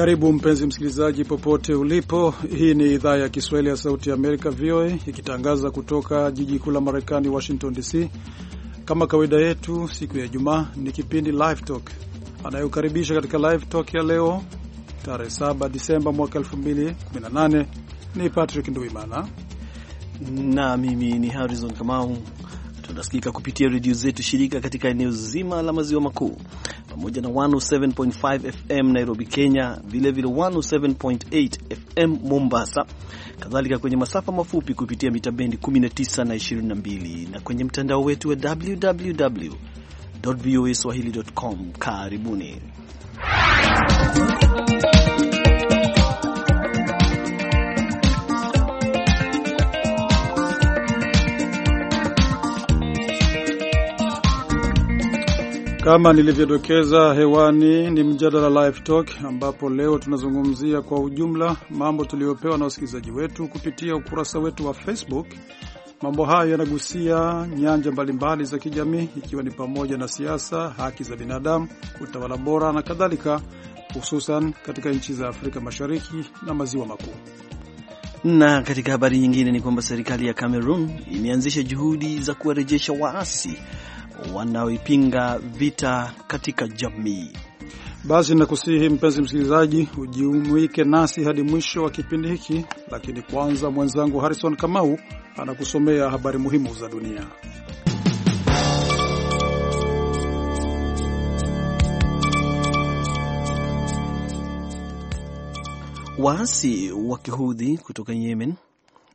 Karibu mpenzi msikilizaji, popote ulipo. Hii ni idhaa ya Kiswahili ya Sauti ya Amerika, VOA, ikitangaza kutoka jiji kuu la Marekani, Washington DC. Kama kawaida yetu, siku ya Ijumaa ni kipindi Live Talk. Anayokaribisha katika Live Talk ya leo tarehe 7 Disemba mwaka 2018 ni Patrick Nduimana na mimi ni Harrison Kamau Tunasikika kupitia redio zetu shirika katika eneo zima la maziwa makuu pamoja na 107.5 FM Nairobi, Kenya, vilevile 107.8 FM Mombasa, kadhalika kwenye masafa mafupi kupitia mita bendi 19 na 22 na kwenye mtandao wetu wa www voa swahili.com. Karibuni. Kama nilivyodokeza hewani, ni mjadala live talk, ambapo leo tunazungumzia kwa ujumla mambo tuliyopewa na wasikilizaji wetu kupitia ukurasa wetu wa Facebook. Mambo hayo yanagusia nyanja mbalimbali za kijamii, ikiwa ni pamoja na siasa, haki za binadamu, utawala bora na kadhalika, hususan katika nchi za Afrika Mashariki na Maziwa Makuu. Na katika habari nyingine ni kwamba serikali ya Cameroon imeanzisha juhudi za kuwarejesha waasi wanaoipinga vita katika jamii. Basi nakusihi mpenzi msikilizaji, ujiumuike nasi hadi mwisho wa kipindi hiki, lakini kwanza mwenzangu Harrison Kamau anakusomea habari muhimu za dunia. Waasi wa kihudhi kutoka Yemen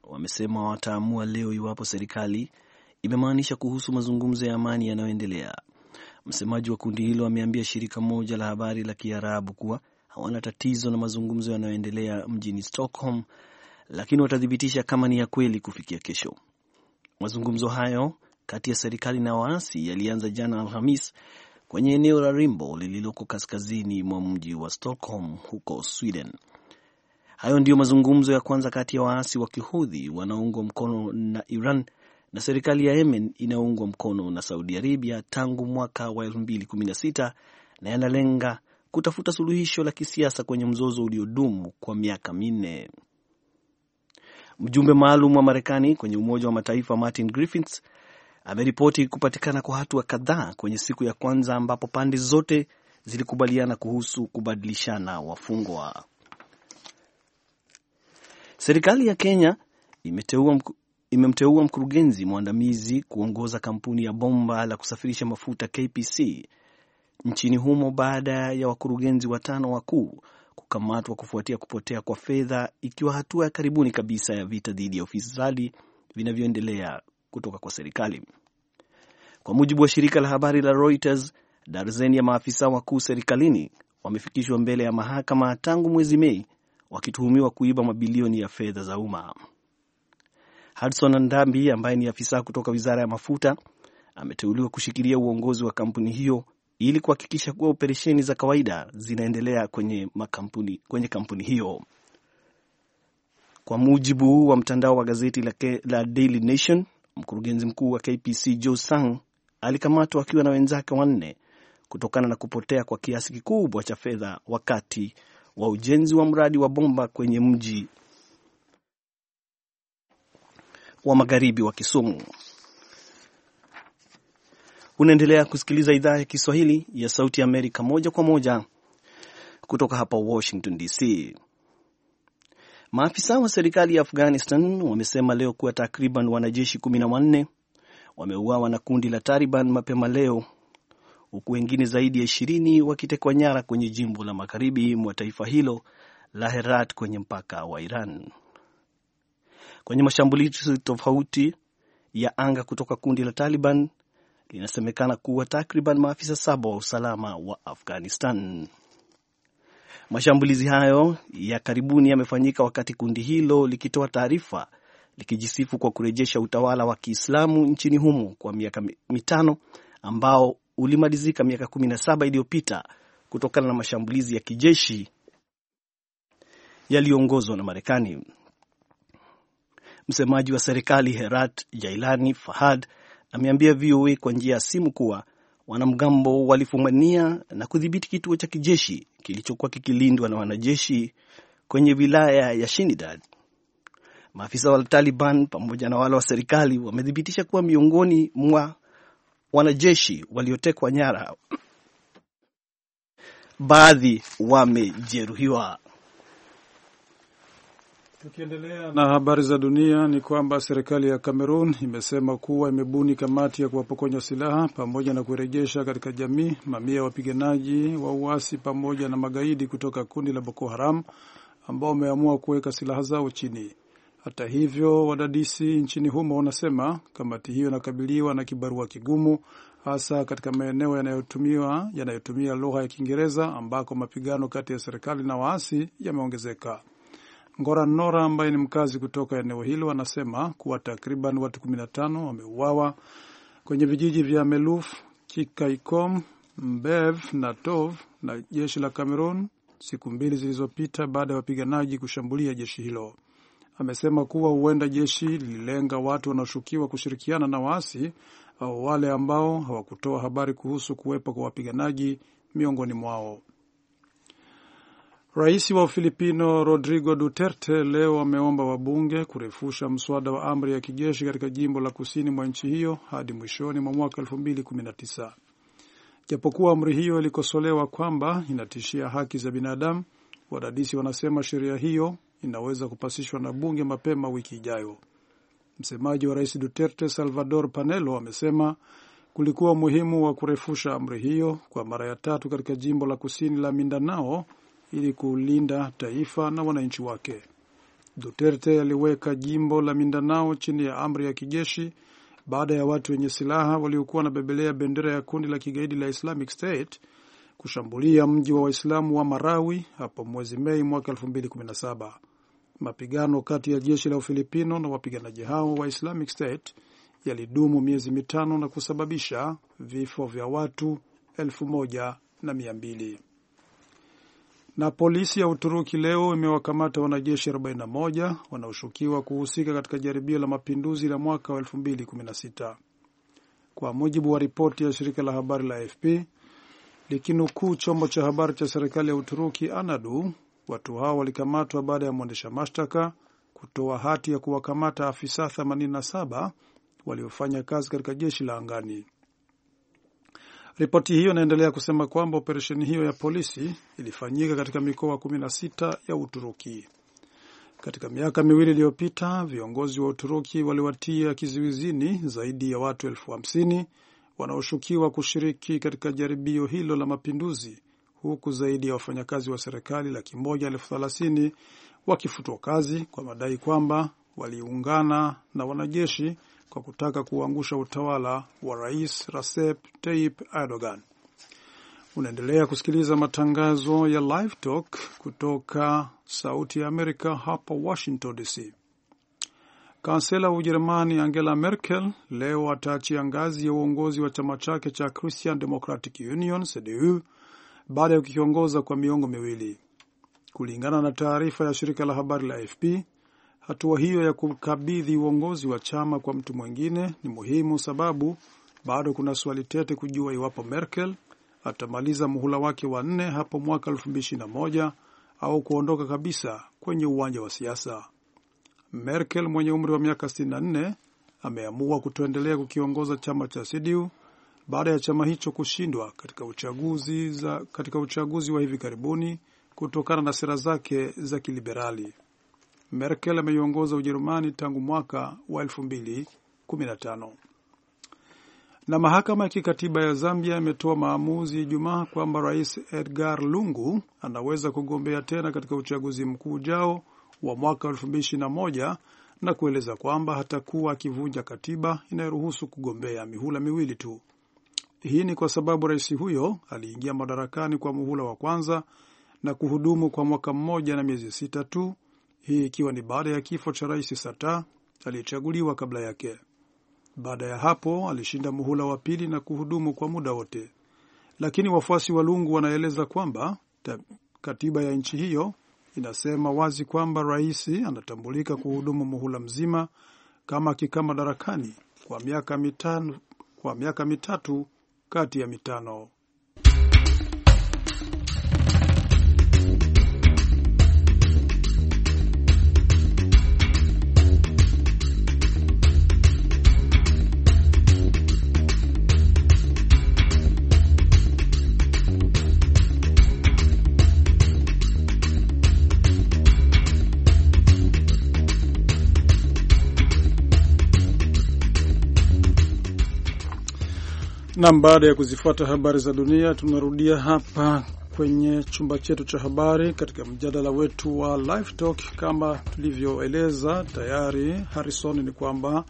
wamesema wataamua leo iwapo serikali imemaanisha kuhusu mazungumzo ya amani yanayoendelea. Msemaji wa kundi hilo ameambia shirika moja la habari la Kiarabu kuwa hawana tatizo na mazungumzo yanayoendelea mjini Stockholm, lakini watathibitisha kama ni ya kweli kufikia kesho. Mazungumzo hayo kati ya serikali na waasi yalianza jana Alhamis kwenye eneo la Rimbo lililoko kaskazini mwa mji wa Stockholm huko Sweden. Hayo ndiyo mazungumzo ya kwanza kati ya waasi wa Kihudhi wanaoungwa mkono na Iran na serikali ya Yemen inayoungwa mkono na Saudi Arabia tangu mwaka wa 2016 na yanalenga kutafuta suluhisho la kisiasa kwenye mzozo uliodumu kwa miaka minne. Mjumbe maalum wa Marekani kwenye Umoja wa Mataifa Martin Griffiths ameripoti kupatikana kwa hatua kadhaa kwenye siku ya kwanza ambapo pande zote zilikubaliana kuhusu kubadilishana wafungwa. Serikali ya Kenya imeteua imemteua mkurugenzi mwandamizi kuongoza kampuni ya bomba la kusafirisha mafuta KPC nchini humo baada ya wakurugenzi watano wakuu kukamatwa kufuatia kupotea kwa fedha, ikiwa hatua ya karibuni kabisa ya vita dhidi ya ufisadi vinavyoendelea kutoka kwa serikali. Kwa mujibu wa shirika la habari la Reuters, darzeni ya maafisa wakuu serikalini wamefikishwa mbele ya mahakama tangu mwezi Mei wakituhumiwa kuiba mabilioni ya fedha za umma. Hudson Ndambi ambaye ni afisa kutoka wizara ya mafuta ameteuliwa kushikilia uongozi wa kampuni hiyo ili kuhakikisha kuwa operesheni za kawaida zinaendelea kwenye, makampuni, kwenye kampuni hiyo. Kwa mujibu wa mtandao wa gazeti la, la Daily Nation, mkurugenzi mkuu wa KPC Joe Sang alikamatwa akiwa na wenzake wanne kutokana na kupotea kwa kiasi kikubwa cha fedha wakati wa ujenzi wa mradi wa bomba kwenye mji wa magharibi wa Kisumu. Unaendelea kusikiliza idhaa ya Kiswahili ya Sauti ya Amerika moja kwa moja kutoka hapa Washington DC. Maafisa wa serikali ya Afghanistan wamesema leo kuwa takriban wanajeshi kumi na wanne wameuawa na kundi la Taliban mapema leo huku wengine zaidi ya ishirini wakitekwa nyara kwenye jimbo la magharibi mwa taifa hilo la Herat kwenye mpaka wa Iran kwenye mashambulizi tofauti ya anga kutoka kundi la Taliban linasemekana kuwa takriban maafisa saba wa usalama wa Afghanistan. Mashambulizi hayo ya karibuni yamefanyika wakati kundi hilo likitoa taarifa likijisifu kwa kurejesha utawala wa Kiislamu nchini humo kwa miaka mitano ambao ulimalizika miaka kumi na saba iliyopita kutokana na mashambulizi ya kijeshi yaliyoongozwa na Marekani. Msemaji wa serikali Herat Jailani Fahad ameambia VOA kwa njia ya simu kuwa wanamgambo walifumania na kudhibiti kituo cha kijeshi kilichokuwa kikilindwa na wanajeshi kwenye wilaya ya Shinidad. Maafisa wa Taliban pamoja na wale wa serikali wamethibitisha kuwa miongoni mwa wanajeshi waliotekwa nyara, baadhi wamejeruhiwa. Tukiendelea na habari za dunia ni kwamba serikali ya cameron imesema kuwa imebuni kamati ya kuwapokonya silaha pamoja na kurejesha katika jamii mamia ya wapiganaji wa uasi pamoja na magaidi kutoka kundi la Boko Haram ambao wameamua kuweka silaha zao chini. Hata hivyo, wadadisi nchini humo wanasema kamati hiyo inakabiliwa na kibarua kigumu, hasa katika maeneo yanayotumia yanayotumia lugha ya Kiingereza ambako mapigano kati ya serikali na waasi yameongezeka. Ngora Nora ambaye ni mkazi kutoka eneo hilo anasema kuwa takriban watu 15 wameuawa kwenye vijiji vya Meluf, Kikaikom, Mbev na Tov na jeshi la Cameroon siku mbili zilizopita baada ya wapiganaji kushambulia jeshi hilo. Amesema kuwa huenda jeshi lililenga watu wanaoshukiwa kushirikiana na waasi au wale ambao hawakutoa habari kuhusu kuwepo kwa wapiganaji miongoni mwao. Rais wa Ufilipino Rodrigo Duterte leo ameomba wabunge kurefusha mswada wa amri ya kijeshi katika jimbo la kusini mwa nchi hiyo hadi mwishoni mwa mwaka 2019. Japokuwa amri hiyo ilikosolewa kwamba inatishia haki za binadamu, wadadisi wanasema sheria hiyo inaweza kupasishwa na bunge mapema wiki ijayo. Msemaji wa rais Duterte, Salvador Panelo, amesema kulikuwa umuhimu wa kurefusha amri hiyo kwa mara ya tatu katika jimbo la kusini la Mindanao ili kulinda taifa na wananchi wake. Duterte aliweka jimbo la Mindanao chini ya amri ya kijeshi baada ya watu wenye silaha waliokuwa wanabebelea bendera ya kundi la kigaidi la Islamic State kushambulia mji wa Waislamu wa Marawi hapo mwezi Mei mwaka 2017. Mapigano kati ya jeshi la Ufilipino na wapiganaji hao wa Islamic State yalidumu miezi mitano na kusababisha vifo vya watu elfu moja na mia mbili. Na polisi ya Uturuki leo imewakamata wanajeshi 41 wanaoshukiwa kuhusika katika jaribio la mapinduzi la mwaka wa 2016 kwa mujibu wa ripoti ya shirika la habari la AFP likinukuu chombo cha habari cha serikali ya Uturuki anadu Watu hao walikamatwa baada ya mwendesha mashtaka kutoa hati ya kuwakamata afisa 87 waliofanya kazi katika jeshi la angani. Ripoti hiyo inaendelea kusema kwamba operesheni hiyo ya polisi ilifanyika katika mikoa 16 ya Uturuki. Katika miaka miwili iliyopita, viongozi wa Uturuki waliwatia kizuizini zaidi ya watu elfu hamsini wanaoshukiwa kushiriki katika jaribio hilo la mapinduzi, huku zaidi ya wafanyakazi wa serikali laki moja elfu thelathini wakifutwa kazi kwa madai kwamba waliungana na wanajeshi kwa kutaka kuangusha utawala wa Rais Recep Tayyip Erdogan. Unaendelea kusikiliza matangazo ya Live Talk kutoka Sauti ya Amerika hapa Washington DC. Kansela wa Ujerumani Angela Merkel leo ataachia ngazi ya uongozi wa chama chake cha Christian Democratic Union CDU baada ya kukiongoza kwa miongo miwili, kulingana na taarifa ya shirika la habari la AFP. Hatua hiyo ya kukabidhi uongozi wa chama kwa mtu mwingine ni muhimu, sababu bado kuna swali tete kujua iwapo Merkel atamaliza muhula wake wa nne hapo mwaka 2021 au kuondoka kabisa kwenye uwanja wa siasa. Merkel mwenye umri wa miaka 64 ameamua kutoendelea kukiongoza chama cha CDU baada ya chama hicho kushindwa katika uchaguzi, za, katika uchaguzi wa hivi karibuni kutokana na sera zake za kiliberali. Merkel ameiongoza Ujerumani tangu mwaka wa 2015. Na mahakama ya kikatiba ya Zambia imetoa maamuzi Ijumaa kwamba Rais Edgar Lungu anaweza kugombea tena katika uchaguzi mkuu ujao wa mwaka 2021 na kueleza kwamba hatakuwa akivunja katiba inayoruhusu kugombea mihula miwili tu. Hii ni kwa sababu rais huyo aliingia madarakani kwa muhula wa kwanza na kuhudumu kwa mwaka mmoja na miezi sita tu hii ikiwa ni baada ya kifo cha rais Sata aliyechaguliwa kabla yake. Baada ya hapo alishinda muhula wa pili na kuhudumu kwa muda wote, lakini wafuasi wa Lungu wanaeleza kwamba katiba ya nchi hiyo inasema wazi kwamba rais anatambulika kuhudumu muhula mzima kama akikaa madarakani kwa miaka mitano, kwa miaka mitatu kati ya mitano. Nam, baada ya kuzifuata habari za dunia, tunarudia hapa kwenye chumba chetu cha habari katika mjadala wetu wa live talk. Kama tulivyoeleza tayari, Harrison, ni kwamba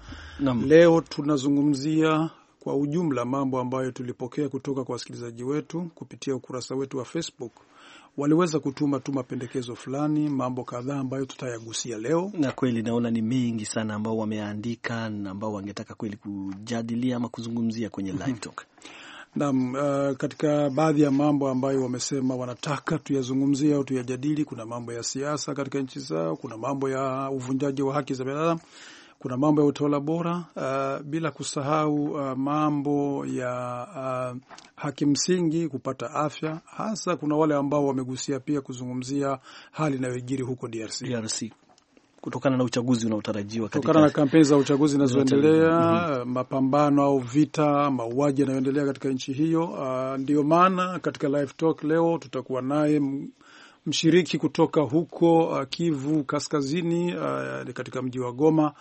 leo tunazungumzia kwa ujumla mambo ambayo tulipokea kutoka kwa wasikilizaji wetu kupitia ukurasa wetu wa Facebook waliweza kutuma tu mapendekezo fulani, mambo kadhaa ambayo tutayagusia leo, na kweli naona ni mengi sana ambao wameandika na ambao wangetaka kweli kujadilia ama kuzungumzia kwenye mhm. live talk. Naam, uh, katika baadhi ya mambo ambayo wamesema wanataka tuyazungumzie au tuyajadili, kuna mambo ya siasa katika nchi zao, kuna mambo ya uvunjaji wa haki za binadamu kuna mambo ya utawala bora uh, bila kusahau uh, mambo ya uh, haki msingi, kupata afya hasa. Kuna wale ambao wamegusia pia kuzungumzia hali inayojiri huko DRC, DRC kutokana na uchaguzi unaotarajiwa kutokana na kampeni za uchaguzi zinazoendelea, mm -hmm. mapambano au vita, mauaji yanayoendelea katika nchi hiyo. Uh, ndio maana katika live talk leo tutakuwa naye mshiriki kutoka huko uh, Kivu Kaskazini, uh, katika mji wa Goma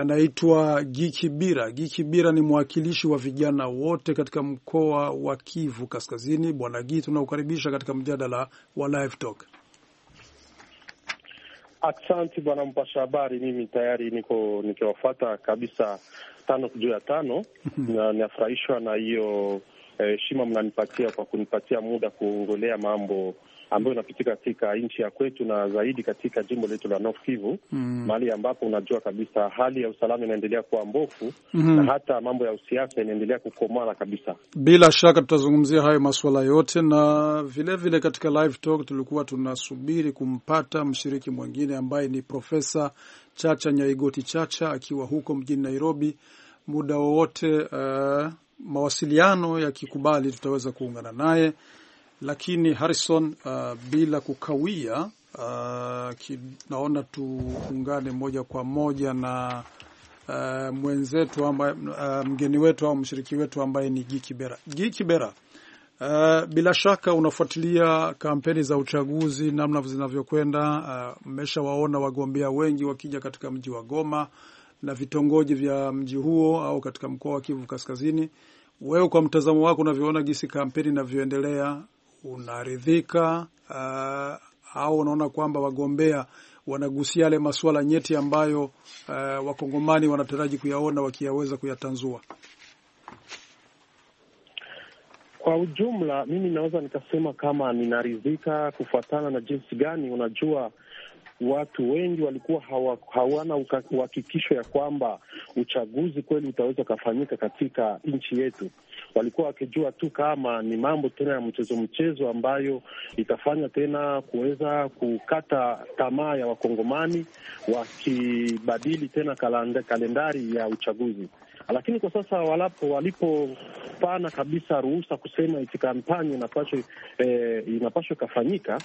anaitwa giki bira giki bira ni mwakilishi wa vijana wote katika mkoa wa Kivu Kaskazini. Bwana Gi, tunaokaribisha katika mjadala wa Live Talk. Asante bwana mpasha habari, mimi tayari niko nikiwafata kabisa tano juu ya tano mhm. na ninafurahishwa na hiyo Eh, heshima eh, mnanipatia kwa kunipatia muda kuongolea mambo ambayo inapitika katika nchi ya kwetu na zaidi katika jimbo letu la North Kivu mm. mahali ambapo unajua kabisa hali ya usalama inaendelea kuwa mbofu mm. Mm-hmm. na hata mambo ya usiasa inaendelea kukomana kabisa. Bila shaka tutazungumzia hayo masuala yote, na vilevile vile katika live talk tulikuwa tunasubiri kumpata mshiriki mwingine ambaye ni Profesa Chacha Nyaigoti Chacha akiwa huko mjini Nairobi muda wowote uh, mawasiliano yakikubali, tutaweza kuungana naye, lakini Harrison, uh, bila kukawia uh, ki, naona tuungane moja kwa moja na uh, mwenzetu amba, uh, mgeni wetu au mshiriki wetu ambaye ni Gikibera. Gikibera, uh, bila shaka unafuatilia kampeni za uchaguzi namna zinavyokwenda. Uh, mmeshawaona uh, wagombea wengi wakija katika mji wa Goma na vitongoji vya mji huo au katika mkoa wa Kivu Kaskazini. Wewe kwa mtazamo wako unavyoona gisi kampeni inavyoendelea, unaridhika uh, au unaona kwamba wagombea wanagusia yale masuala nyeti ambayo uh, wakongomani wanataraji kuyaona wakiyaweza kuyatanzua? Kwa ujumla, mimi naweza nikasema kama ninaridhika kufuatana na jinsi gani, unajua watu wengi walikuwa hawa, hawana uhakikisho ya kwamba uchaguzi kweli utaweza ukafanyika katika nchi yetu. Walikuwa wakijua tu kama ni mambo tena ya mchezo mchezo, ambayo itafanya tena kuweza kukata tamaa ya Wakongomani, wakibadili tena kalenda, kalendari ya uchaguzi. Lakini kwa sasa walapo walipopana kabisa ruhusa kusema iti kampanye inapashwa eh, inapashwa ikafanyika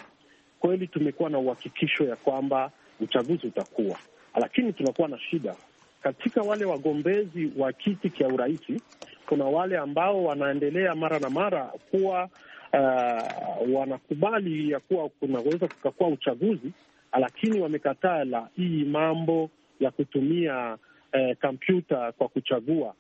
kweli tumekuwa na uhakikisho ya kwamba uchaguzi utakuwa, lakini tunakuwa na shida katika wale wagombezi wa kiti cha urais. Kuna wale ambao wanaendelea mara na mara kuwa uh, wanakubali ya kuwa kunaweza kukakuwa uchaguzi, lakini wamekataa la hii mambo ya kutumia kompyuta uh, kwa kuchagua,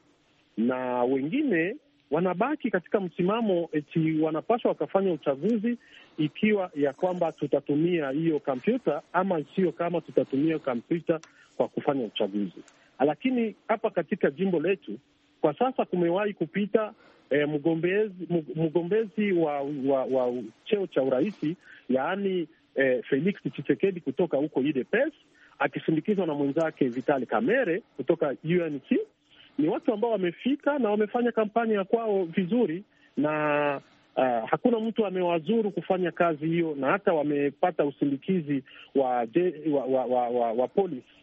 na wengine wanabaki katika msimamo eti wanapaswa wakafanya uchaguzi ikiwa ya kwamba tutatumia hiyo kompyuta ama sio, kama tutatumia kompyuta kwa kufanya uchaguzi. Lakini hapa katika jimbo letu kwa sasa kumewahi kupita eh, mgombezi mgombezi wa, wa, wa cheo cha urahisi yaani eh, Felix Tshisekedi kutoka huko UDPS akisindikizwa na mwenzake Vitali Kamere kutoka UNC ni watu ambao wamefika na wamefanya kampani ya kwao vizuri na Uh, hakuna mtu amewazuru kufanya kazi hiyo, na hata wamepata usindikizi wa, wa, wa, wa, wa, wa polisi.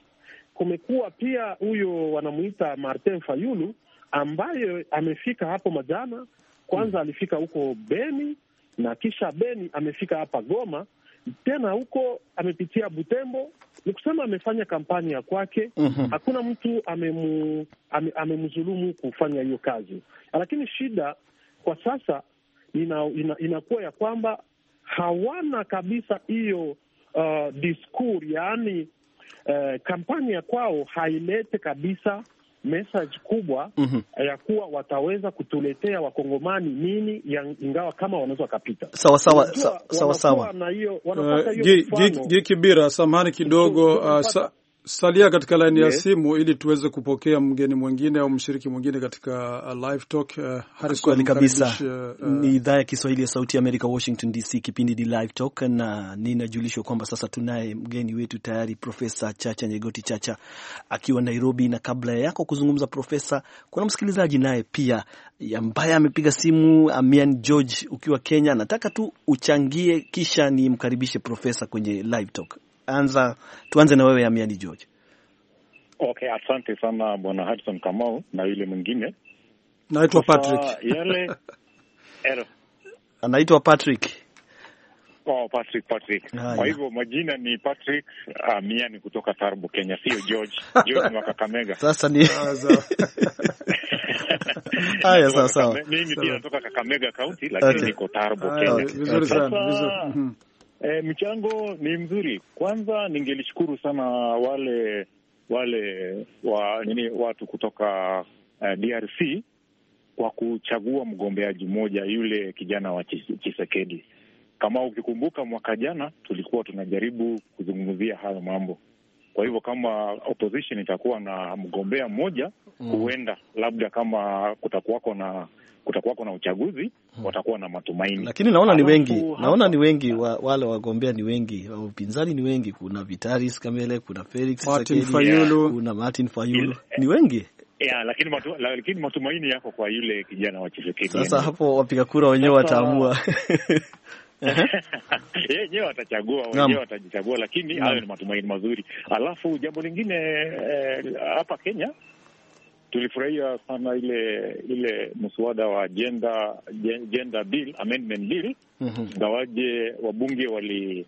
Kumekuwa pia huyo wanamuita Martin Fayulu ambaye amefika hapo majana kwanza, alifika huko Beni na kisha Beni amefika hapa Goma tena huko amepitia Butembo, ni kusema amefanya kampani ya kwake. mm -hmm. Hakuna mtu amemu, ame, amemzulumu kufanya hiyo kazi, lakini shida kwa sasa inakuwa ina, ina ya kwamba hawana kabisa hiyo uh, diskur, yaani uh, eh, kampani ya kwao hailete kabisa message kubwa mm -hmm. ya kuwa wataweza kutuletea wakongomani nini, ingawa kama wanaweza wakapita sawa sawa sawa sawa. Jiri uh, Kibira, samahani kidogo, uh, sa Salia katika laini ya simu ili tuweze kupokea mgeni mwingine au mshiriki mwingine katika uh, live talk. Uh, Kweli kabisa, uh, ni idhaa ya Kiswahili ya Sauti ya Amerika, Washington DC. Kipindi ni live talk, na ninajulishwa kwamba sasa tunaye mgeni wetu tayari, Profesa Chacha Nyegoti Chacha akiwa Nairobi. Na kabla yako kuzungumza, Profesa, kuna msikilizaji naye pia ambaye amepiga simu, Amian George ukiwa Kenya, nataka tu uchangie, kisha nimkaribishe Profesa kwenye live talk anza, tuanze na wewe Amiani George. Okay, asante sana bwana Harrison Kamau na yule mwingine naitwa Patrick yale anaitwa Patrick. Oh, Patrick Patrick. Ah, kwa hivyo majina ni Patrick Amiani ah, uh, kutoka Tarbo, Kenya, sio George. George ni wa Kakamega. Sasa ni Haya, sawa sawa. Mimi pia natoka Kakamega County lakini okay. niko Tarbo, Kenya. Vizuri sana, vizuri. Hmm. E, eh, michango ni mzuri. Kwanza ningelishukuru sana wale wale wa nini watu kutoka uh, eh, DRC kwa kuchagua mgombeaji mmoja yule kijana wa Chisekedi. Kama ukikumbuka, mwaka jana tulikuwa tunajaribu kuzungumzia hayo mambo. Kwa hivyo kama opposition itakuwa na mgombea mmoja mm, huenda labda kama kutakuwako na kutakuwako na uchaguzi hmm, watakuwa na matumaini, lakini naona ni wengi, naona ni wengi wa, wale wagombea ni wengi, upinzani ni wengi, kuna Vitaris Kamele, kuna Felix Martin Fayulu, kuna Martin Fayulu, ni wengi ya, lakini matu, lakini matumaini yako kwa yule kijana wa Chisekedi. Sasa hapo wapiga kura wenyewe wataamua wenyewe watachagua, wenyewe watajichagua, lakini hayo ni matumaini mazuri. Alafu jambo lingine eh, hapa eh, Kenya tulifurahia sana ile ile mswada wa gender, gender bill, amendment bill mhm. ingawaje wabunge wali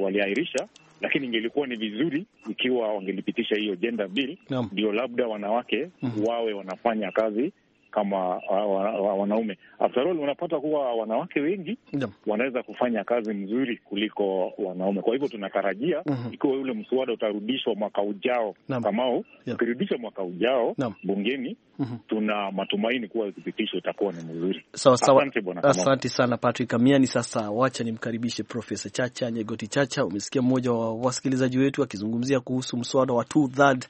waliahirisha wali lakini ingelikuwa ni vizuri ikiwa wangelipitisha hiyo gender bill, ndio labda wanawake mm -hmm. wawe wanafanya kazi kama uh, wanaume. After all, unapata kuwa wanawake wengi yeah, wanaweza kufanya kazi mzuri kuliko wanaume. Kwa hivyo tunatarajia mm -hmm, ikiwa ule mswada utarudishwa mwaka ujao yeah, ukirudisha ukirudishwa mwaka ujao bungeni mm -hmm, tuna matumaini kuwa ukipitisha utakuwa ni mzuri. Sawa sawa, asante bwana, asante sana Patrick Amiani. Sasa wacha nimkaribishe Profesa Chacha Nyegoti Chacha. Umesikia mmoja wa wasikilizaji wetu akizungumzia kuhusu mswada wa two third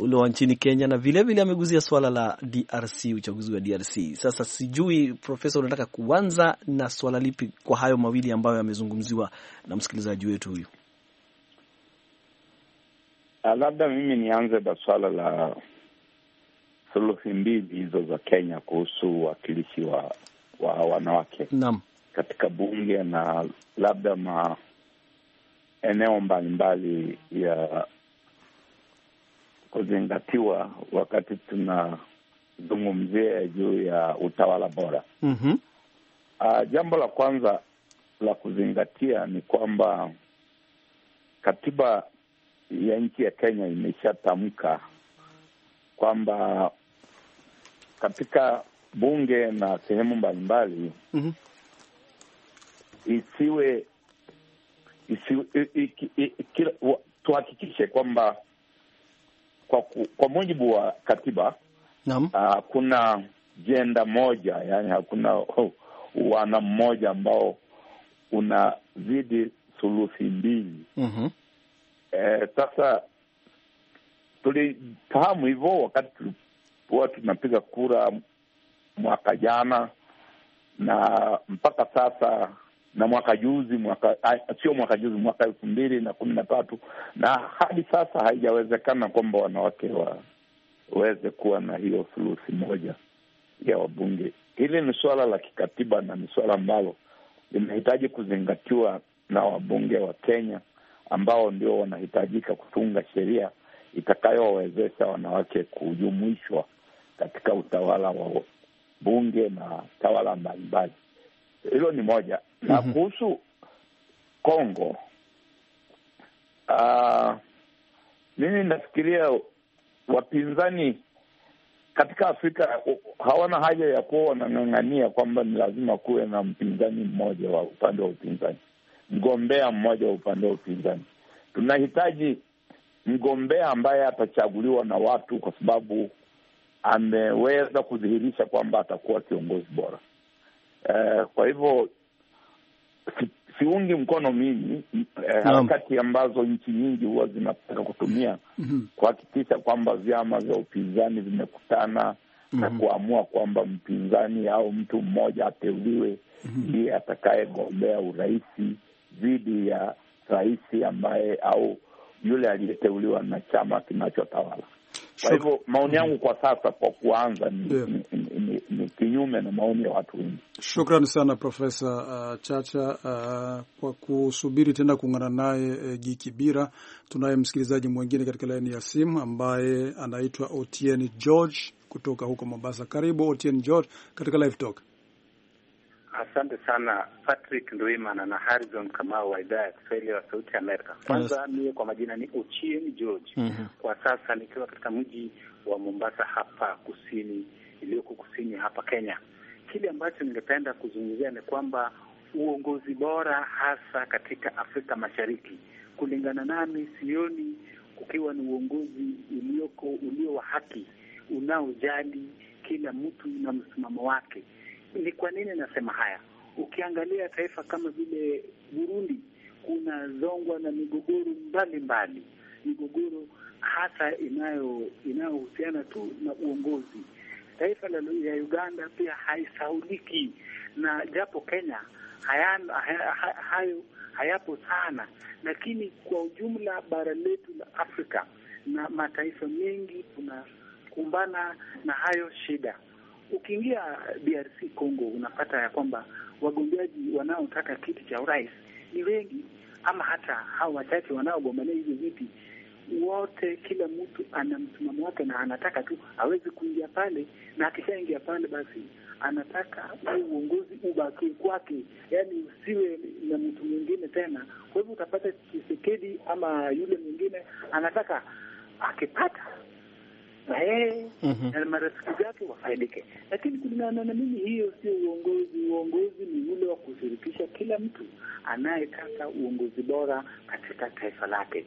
ule wa nchini Kenya, na vilevile vile ameguzia swala la DRC uchaguzi uchaguzi wa DRC. Sasa sijui profesa, unataka kuanza na swala lipi kwa hayo mawili ambayo yamezungumziwa na msikilizaji wetu huyu? Ah, labda mimi nianze na swala la thuluthi mbili hizo za Kenya kuhusu uwakilishi wa, wa wanawake naam, katika bunge na labda maeneo mbalimbali ya kuzingatiwa wakati tuna zungumzie juu ya utawala bora. mm -hmm. Uh, jambo la kwanza la kuzingatia ni kwamba katiba ya nchi ya Kenya imeshatamka kwamba katika bunge na sehemu mbalimbali mm -hmm. isiwe, isiwe tuhakikishe kwamba kwa, kwa mujibu wa katiba Naam. Ah, hakuna jenda moja, yani hakuna oh, uwana mmoja ambao unazidi thuluthi mbili. mm-hmm. Sasa e, tulifahamu hivyo wakati tulikuwa tunapiga kura mwaka jana na mpaka sasa na mwaka juzi mwaka ah, sio mwaka juzi, mwaka elfu mbili na kumi na tatu na hadi sasa haijawezekana kwamba wanawake wa waweze kuwa na hiyo thuluthi moja ya wabunge. Hili ni suala la kikatiba na ni suala ambalo linahitaji kuzingatiwa na wabunge wa Kenya ambao ndio wanahitajika kutunga sheria itakayowawezesha wanawake kujumuishwa katika utawala wa bunge na tawala mbalimbali. Hilo ni moja na mm -hmm. Kuhusu Kongo, uh, mimi nafikiria wapinzani katika Afrika hawana haja ya kuwa wanang'ang'ania kwamba ni lazima kuwe na mpinzani mmoja wa upande wa upinzani, mgombea mmoja wa upande wa upinzani. Tunahitaji mgombea ambaye atachaguliwa na watu kwa sababu ameweza kudhihirisha kwamba atakuwa kiongozi bora. Eh, kwa hivyo siungi mkono mimi eh, harakati ambazo nchi nyingi huwa zinataka kutumia mm -hmm. kuhakikisha kwamba vyama vya upinzani vimekutana mm -hmm. na mhm. kuamua kwamba mpinzani au mtu mmoja ateuliwe mhm. ndiye mm -hmm. atakayegombea urahisi dhidi ya rais ambaye au yule aliyeteuliwa na chama kinachotawala. Kwa hivyo maoni mhm. yangu kwa sasa kwa kuanza ni, yeah. ni, kinyume na maoni ya watu wengi. Shukran sana Profesa uh, Chacha uh, kwa kusubiri tena kuungana naye uh, Gikibira. Tunaye msikilizaji mwingine katika laini ya simu ambaye anaitwa Otieni George kutoka huko Mombasa. Karibu Otieni George katika Live Talk. Asante sana Patrick Ndwimana na Harrison Kamau wa idhaa ya Kiswahili ya Sauti ya Amerika. Kwanza mie kwa majina ni Ochieng George. mm -hmm. Kwa sasa nikiwa katika mji wa Mombasa hapa kusini iliyoko kusini hapa Kenya. Kile ambacho ningependa kuzungumzia ni kwamba uongozi bora hasa katika Afrika Mashariki, kulingana nami, sioni kukiwa ni uongozi ulioko ulio wa haki, unaojali kila mtu na msimamo wake. Ni kwa nini nasema haya? Ukiangalia taifa kama vile Burundi, kuna zongwa na migogoro mbalimbali, migogoro hasa inayohusiana inayo tu na uongozi taifa la ya Uganda pia haisauliki, na japo Kenya hayo hayapo sana, lakini kwa ujumla bara letu la Afrika na mataifa mengi tunakumbana na hayo shida. Ukiingia DRC Congo unapata ya kwamba wagombeaji wanaotaka kiti cha urais ni wengi, ama hata hao wachache wanaogombania hizo viti wote, kila mtu ana msimamo wake na anataka tu awezi kuingia pale, na akishaingia pale basi anataka uongozi ubaki kwake, yaani usiwe na mtu mwingine tena. Kwa hivyo utapata Chisekedi ama yule mwingine anataka akipata na yeye mm -hmm. na marafiki zake wafaidike, lakini kulingana na mimi, hiyo sio uongozi. Uongozi ni ule wa kushirikisha kila mtu anayetaka uongozi bora katika taifa lake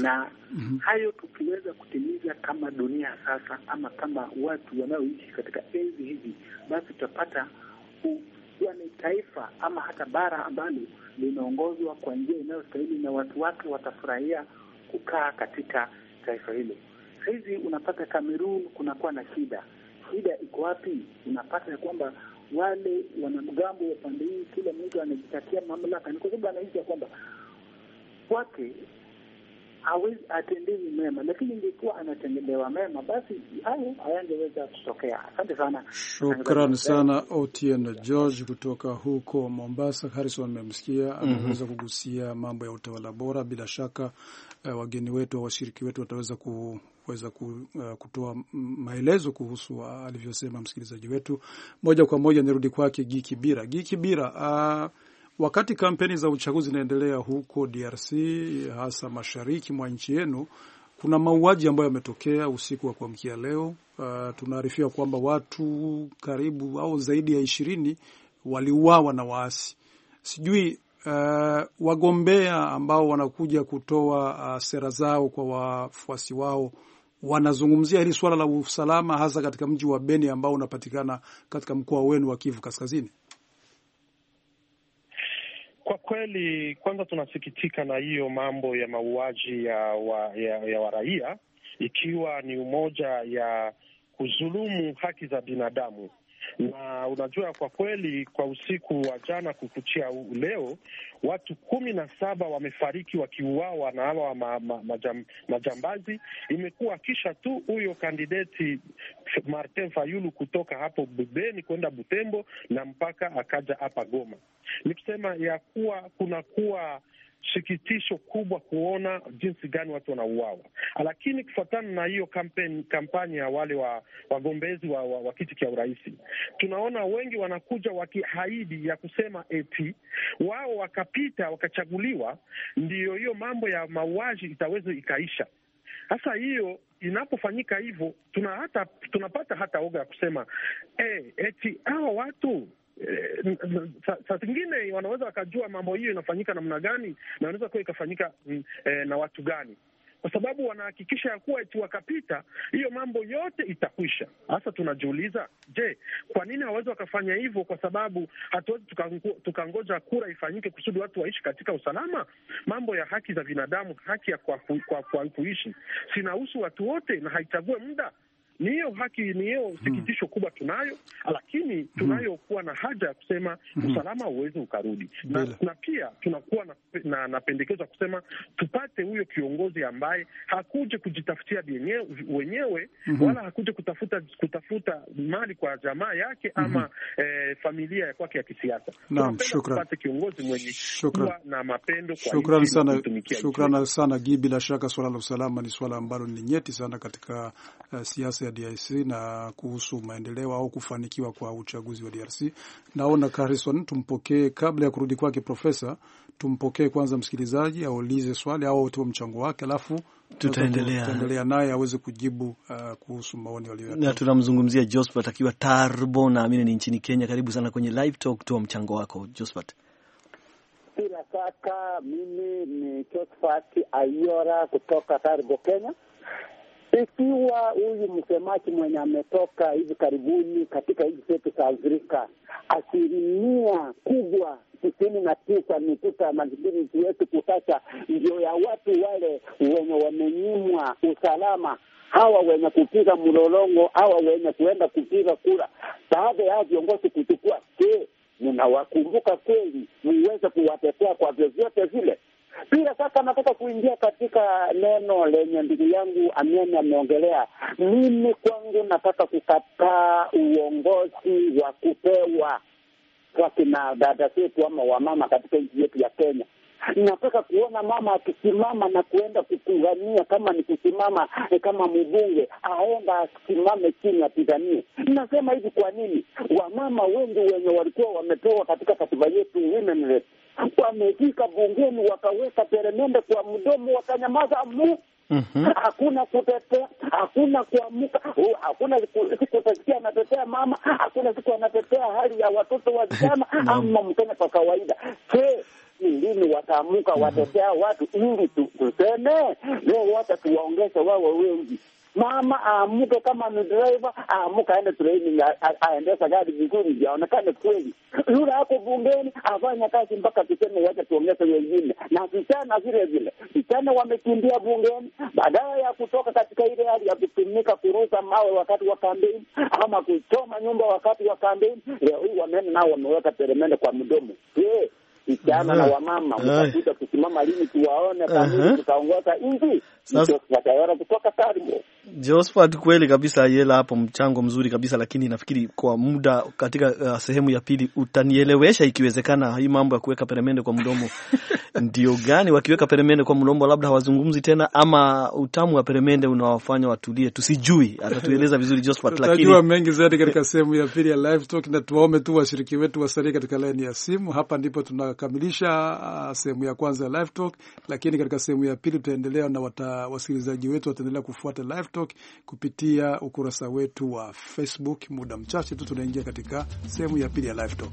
na mm -hmm. hayo tukiweza kutimiza kama dunia sasa, ama kama watu wanaoishi katika enzi hizi, basi tutapata kuwa ni taifa ama hata bara ambalo linaongozwa kwa njia inayostahili na watu wake watafurahia kukaa katika taifa hilo. Sahizi unapata Kamerun kunakuwa na shida. Shida iko wapi? Unapata ya kwamba wale wanamgambo wa pande hii, kila mtu anajitakia mamlaka, ni kwa sababu anahisi ya kwamba kwake hawezi atendewi mema, lakini ingekuwa anatendelewa mema, basi hayo hayangeweza kutokea. Asante sana, shukran sana Otieno George kutoka huko Mombasa. Harrison amemsikia, mhm. ameweza mm -hmm. kugusia mambo ya utawala bora. Bila shaka uh, wageni wetu au washiriki wetu wataweza ku weza eh, kutoa maelezo kuhusu ah, alivyosema msikilizaji wetu. Moja kwa moja nirudi kwake Gikibira. Gikibira, uh, ah, Wakati kampeni za uchaguzi zinaendelea huko DRC, hasa mashariki mwa nchi yenu, kuna mauaji ambayo yametokea usiku wa kuamkia leo. Uh, tunaarifiwa kwamba watu karibu au zaidi ya ishirini waliuawa na waasi. Sijui uh, wagombea ambao wanakuja kutoa uh, sera zao kwa wafuasi wao wanazungumzia hili suala la usalama, hasa katika mji wa Beni ambao unapatikana katika mkoa wenu wa Kivu Kaskazini. Kwa kweli, kwanza tunasikitika na hiyo mambo ya mauaji ya wa, ya, ya waraia, ikiwa ni umoja ya kuzulumu haki za binadamu na unajua kwa kweli, kwa usiku wa jana kukuchia leo watu kumi na saba wamefariki wakiuawa na hawa ma, ma, majam, majambazi. Imekuwa kisha tu huyo kandideti Martin Fayulu kutoka hapo Bubeni kwenda Butembo na mpaka akaja hapa Goma, ni kusema ya kuwa kunakuwa sikitisho kubwa kuona jinsi gani watu wanauawa, lakini kufuatana na hiyo kampeni, kampani ya wale wa wagombezi wa, wa, wa kiti cha urais, tunaona wengi wanakuja wakihaidi ya kusema eti wao wakapita wakachaguliwa, ndiyo hiyo mambo ya mauaji itaweza ikaisha. Sasa hiyo inapofanyika hivyo, tuna hata tunapata hata oga ya kusema eh, eti hawa watu E, zingine wanaweza wakajua mambo hiyo inafanyika namna gani na inaweza kuwa ikafanyika e, na watu gani, kwa sababu wanahakikisha ya kuwa eti wakapita hiyo mambo yote itakwisha. Hasa tunajiuliza, je, kwa nini hawawezi wakafanya hivyo? Kwa sababu hatuwezi tukangoja kura ifanyike kusudi watu waishi katika usalama. Mambo ya haki za binadamu, haki ya kwa, kwa, kwa, kwa kuishi sinahusu watu wote na haichague muda ni hiyo haki, ni hiyo sikitisho kubwa tunayo, lakini tunayokuwa na haja ya kusema usalama huwezi ukarudi na, na pia tunakuwa na, na, na pendekezo ya kusema tupate huyo kiongozi ambaye hakuje kujitafutia bienye, wenyewe mhm. wala hakuje kutafuta kutafuta mali kwa jamaa yake mhm. ama e, familia ya kwake ya kisiasa. Naam, Tupate kiongozi mwenye kuwa na mapendo kwa sana, shukrani sana Gi. Bila shaka swala la usalama ni swala ambalo ni nyeti sana katika uh, siasa DRC na kuhusu maendeleo au kufanikiwa kwa uchaguzi wa DRC. Naona Harrison, tumpokee kabla ya kurudi kwake profesa, tumpokee kwanza msikilizaji aulize swali au atoe mchango wake, alafu tutaendelea naye aweze kujibu uh, kuhusu maoni walio na. Tunamzungumzia Josphat akiwa Tarbo, naamini ni nchini Kenya. Karibu sana kwenye Live Talk, toa mchango wako Josphat. Bila shaka mimi ni Josphat Ayora kutoka Tarbo, Kenya ikiwa huyu msemaji mwenye ametoka hivi karibuni katika nchi zetu za Afrika, asilimia kubwa tisini na tisa mikuta mazingizi yetu kusasa ndio ya watu wale wenye wamenyimwa usalama, hawa wenye kupiga mlolongo, hawa wenye kuenda kupiga kura, baada ya viongozi kuchukua. Je, ninawakumbuka kweli niweze kuwatetea kwa vyovyote vile? Pia sasa nataka kuingia katika neno lenye ndugu yangu Amiani ameongelea. Mimi kwangu nataka kukataa uongozi wa kupewa kwa kina dada zetu ama wamama katika nchi yetu ya Kenya. Nataka kuona mama akisimama na kuenda kukugania, kama ni kusimama eh, kama mbunge aenda asimame chini apiganie. Nasema hivi, kwa nini wamama wengi wenye walikuwa wamepewa katika katiba yetu women wamefika bungeni wakaweka peremende kwa mdomo, wakanyamaza mu Mm -hmm. Hakuna kutetea, hakuna kuamuka, hakuna kutasikia anatetea mama, hakuna siku anatetea hali ya watoto wa vijana ama mkenya kwa kawaida. Je, ni lini mhm. watetea watu ili tuseme leo, wata tuwaongeze wao wengi mama aamuke, ah, kama ni driver aamuka, ah, aende training, aendesa gari vizuri, yaonekane kweli yule hapo bungeni afanya kazi mpaka tuseme, wacha tuongeze wengine na vijana vile vile. Vijana wamekimbia bungeni badala ya kutoka katika ile hali ya kutumika kurusa mawe wakati wa kampeni ama kuchoma nyumba wakati wa kampeni. Leo hii wameenda nao wameweka peremende kwa mdomo vijana na wamama utakuja kusimama lini tuwaone kamili, tutaongoza nchi watawara kutoka Sarimo. Josephat, kweli kabisa Yela, hapo mchango mzuri kabisa, lakini nafikiri kwa muda katika uh, sehemu ya pili utanielewesha ikiwezekana, hii mambo ya kuweka peremende kwa mdomo ndio gani? Wakiweka peremende kwa mdomo labda hawazungumzi tena, ama utamu wa peremende unawafanya watulie, tusijui. Atatueleza vizuri Josephat, lakini tunajua mengi zaidi katika sehemu ya pili ya live talk, na tuwaombe tu washiriki wetu wasalie katika laini ya simu. Hapa ndipo tuna tutakamilisha uh, sehemu ya kwanza ya live talk, lakini katika sehemu ya pili tutaendelea na wata, wasikilizaji wetu wataendelea kufuata live talk kupitia ukurasa wetu wa Facebook. Muda mchache tu tunaingia katika sehemu ya pili ya live talk.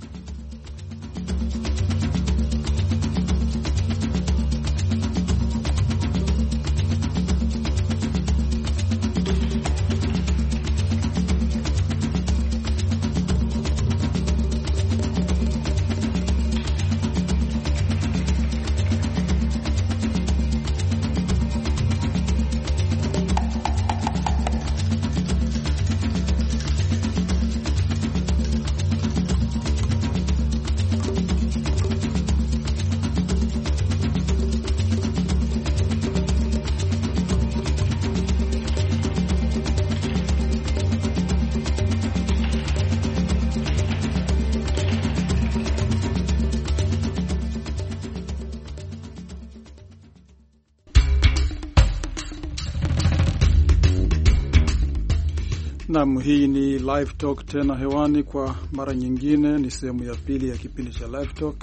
Nam, hii ni Live Talk tena hewani kwa mara nyingine. Ni sehemu ya pili ya kipindi cha Live Talk.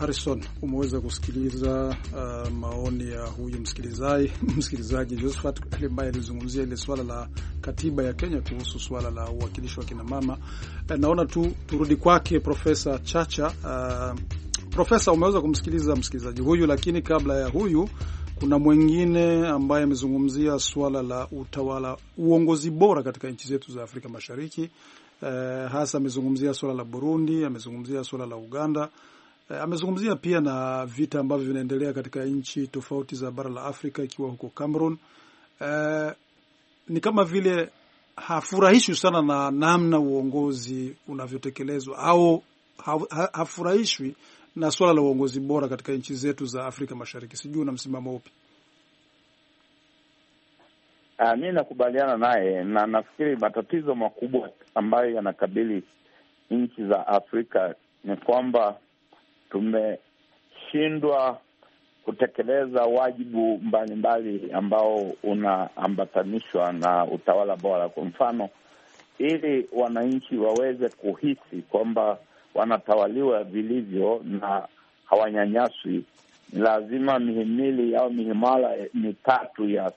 Harrison, umeweza kusikiliza uh, maoni ya huyu msikilizaji msikilizaji Josephat ambaye alizungumzia ile swala la katiba ya Kenya kuhusu swala la uwakilishi wa kinamama. Uh, eh, naona tu turudi kwake Profesa Chacha. Uh, Profesa, umeweza kumsikiliza msikilizaji huyu, lakini kabla ya huyu kuna mwengine ambaye amezungumzia swala la utawala, uongozi bora katika nchi zetu za Afrika Mashariki. Eh, hasa amezungumzia swala la Burundi, amezungumzia swala la Uganda. eh, amezungumzia pia na vita ambavyo vinaendelea katika nchi tofauti za bara la Afrika ikiwa huko Cameroon. Eh, ni kama vile hafurahishwi sana na namna uongozi unavyotekelezwa au ha, ha, hafurahishwi na swala la uongozi bora katika nchi zetu za Afrika Mashariki. Sijui una msimamo upi? Uh, mi nakubaliana naye na nafikiri matatizo makubwa ambayo yanakabili nchi za Afrika ni kwamba tumeshindwa kutekeleza wajibu mbalimbali mbali ambao unaambatanishwa na utawala bora. Kwa mfano, ili wananchi waweze kuhisi kwamba wanatawaliwa vilivyo na hawanyanyaswi, ni lazima mihimili au mihimala mitatu ya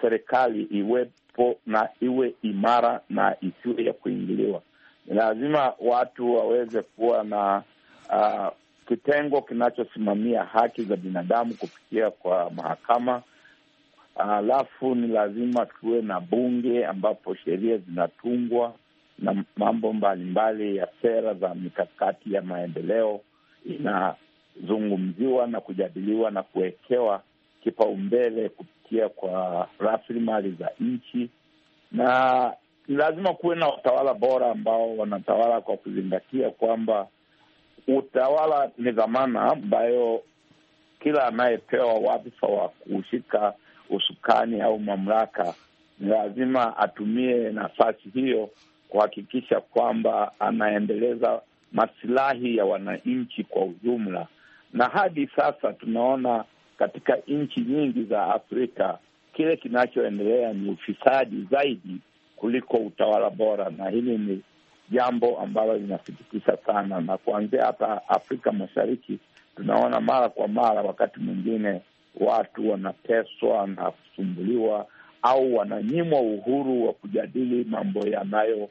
serikali iwepo na iwe imara na isiwe ya kuingiliwa. Ni lazima watu waweze kuwa na uh, kitengo kinachosimamia haki za binadamu kupitia kwa mahakama. Alafu ni lazima tuwe na bunge ambapo sheria zinatungwa na mambo mbalimbali ya sera za mikakati ya maendeleo inazungumziwa na kujadiliwa na kuwekewa kipaumbele kupitia kwa rasilimali za nchi, na ni lazima kuwe na watawala bora ambao wanatawala kwa kuzingatia kwamba utawala ni dhamana ambayo kila anayepewa wadhifa wa kushika usukani au mamlaka ni lazima atumie nafasi hiyo kuhakikisha kwamba anaendeleza masilahi ya wananchi kwa ujumla, na hadi sasa tunaona katika nchi nyingi za Afrika kile kinachoendelea ni ufisadi zaidi kuliko utawala bora, na hili ni jambo ambalo linasikitisha sana. Na kuanzia hapa Afrika Mashariki tunaona mara kwa mara, wakati mwingine watu wanateswa na kusumbuliwa au wananyimwa uhuru wa kujadili mambo yanayo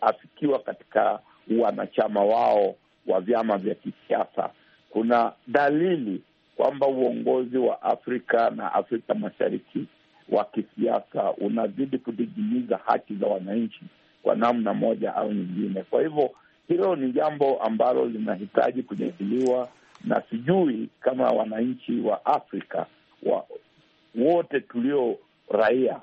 afikiwa katika wanachama wao wa vyama vya kisiasa. Kuna dalili kwamba uongozi wa Afrika na Afrika Mashariki wa kisiasa unazidi kudigimiza haki za wananchi kwa namna moja au nyingine. Kwa hivyo hilo ni jambo ambalo linahitaji kujadiliwa, na sijui kama wananchi wa Afrika wa wote tulio raia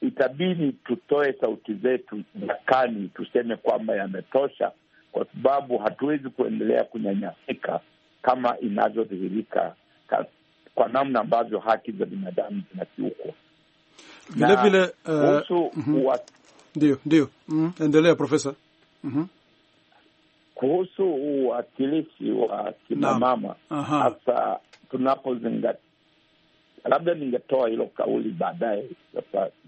itabidi tutoe sauti zetu jakani, tuseme kwamba yametosha, kwa sababu hatuwezi kuendelea kunyanyasika kama inavyodhihirika kwa namna ambavyo haki za binadamu zinakiukwa. Vilevile uh, kuhusu mhm. ndio ndio, mhm. endelea Profesa. Mhm. Kuhusu uwakilishi wa kinamama, hasa tunapozingatia, labda ningetoa hilo kauli baadaye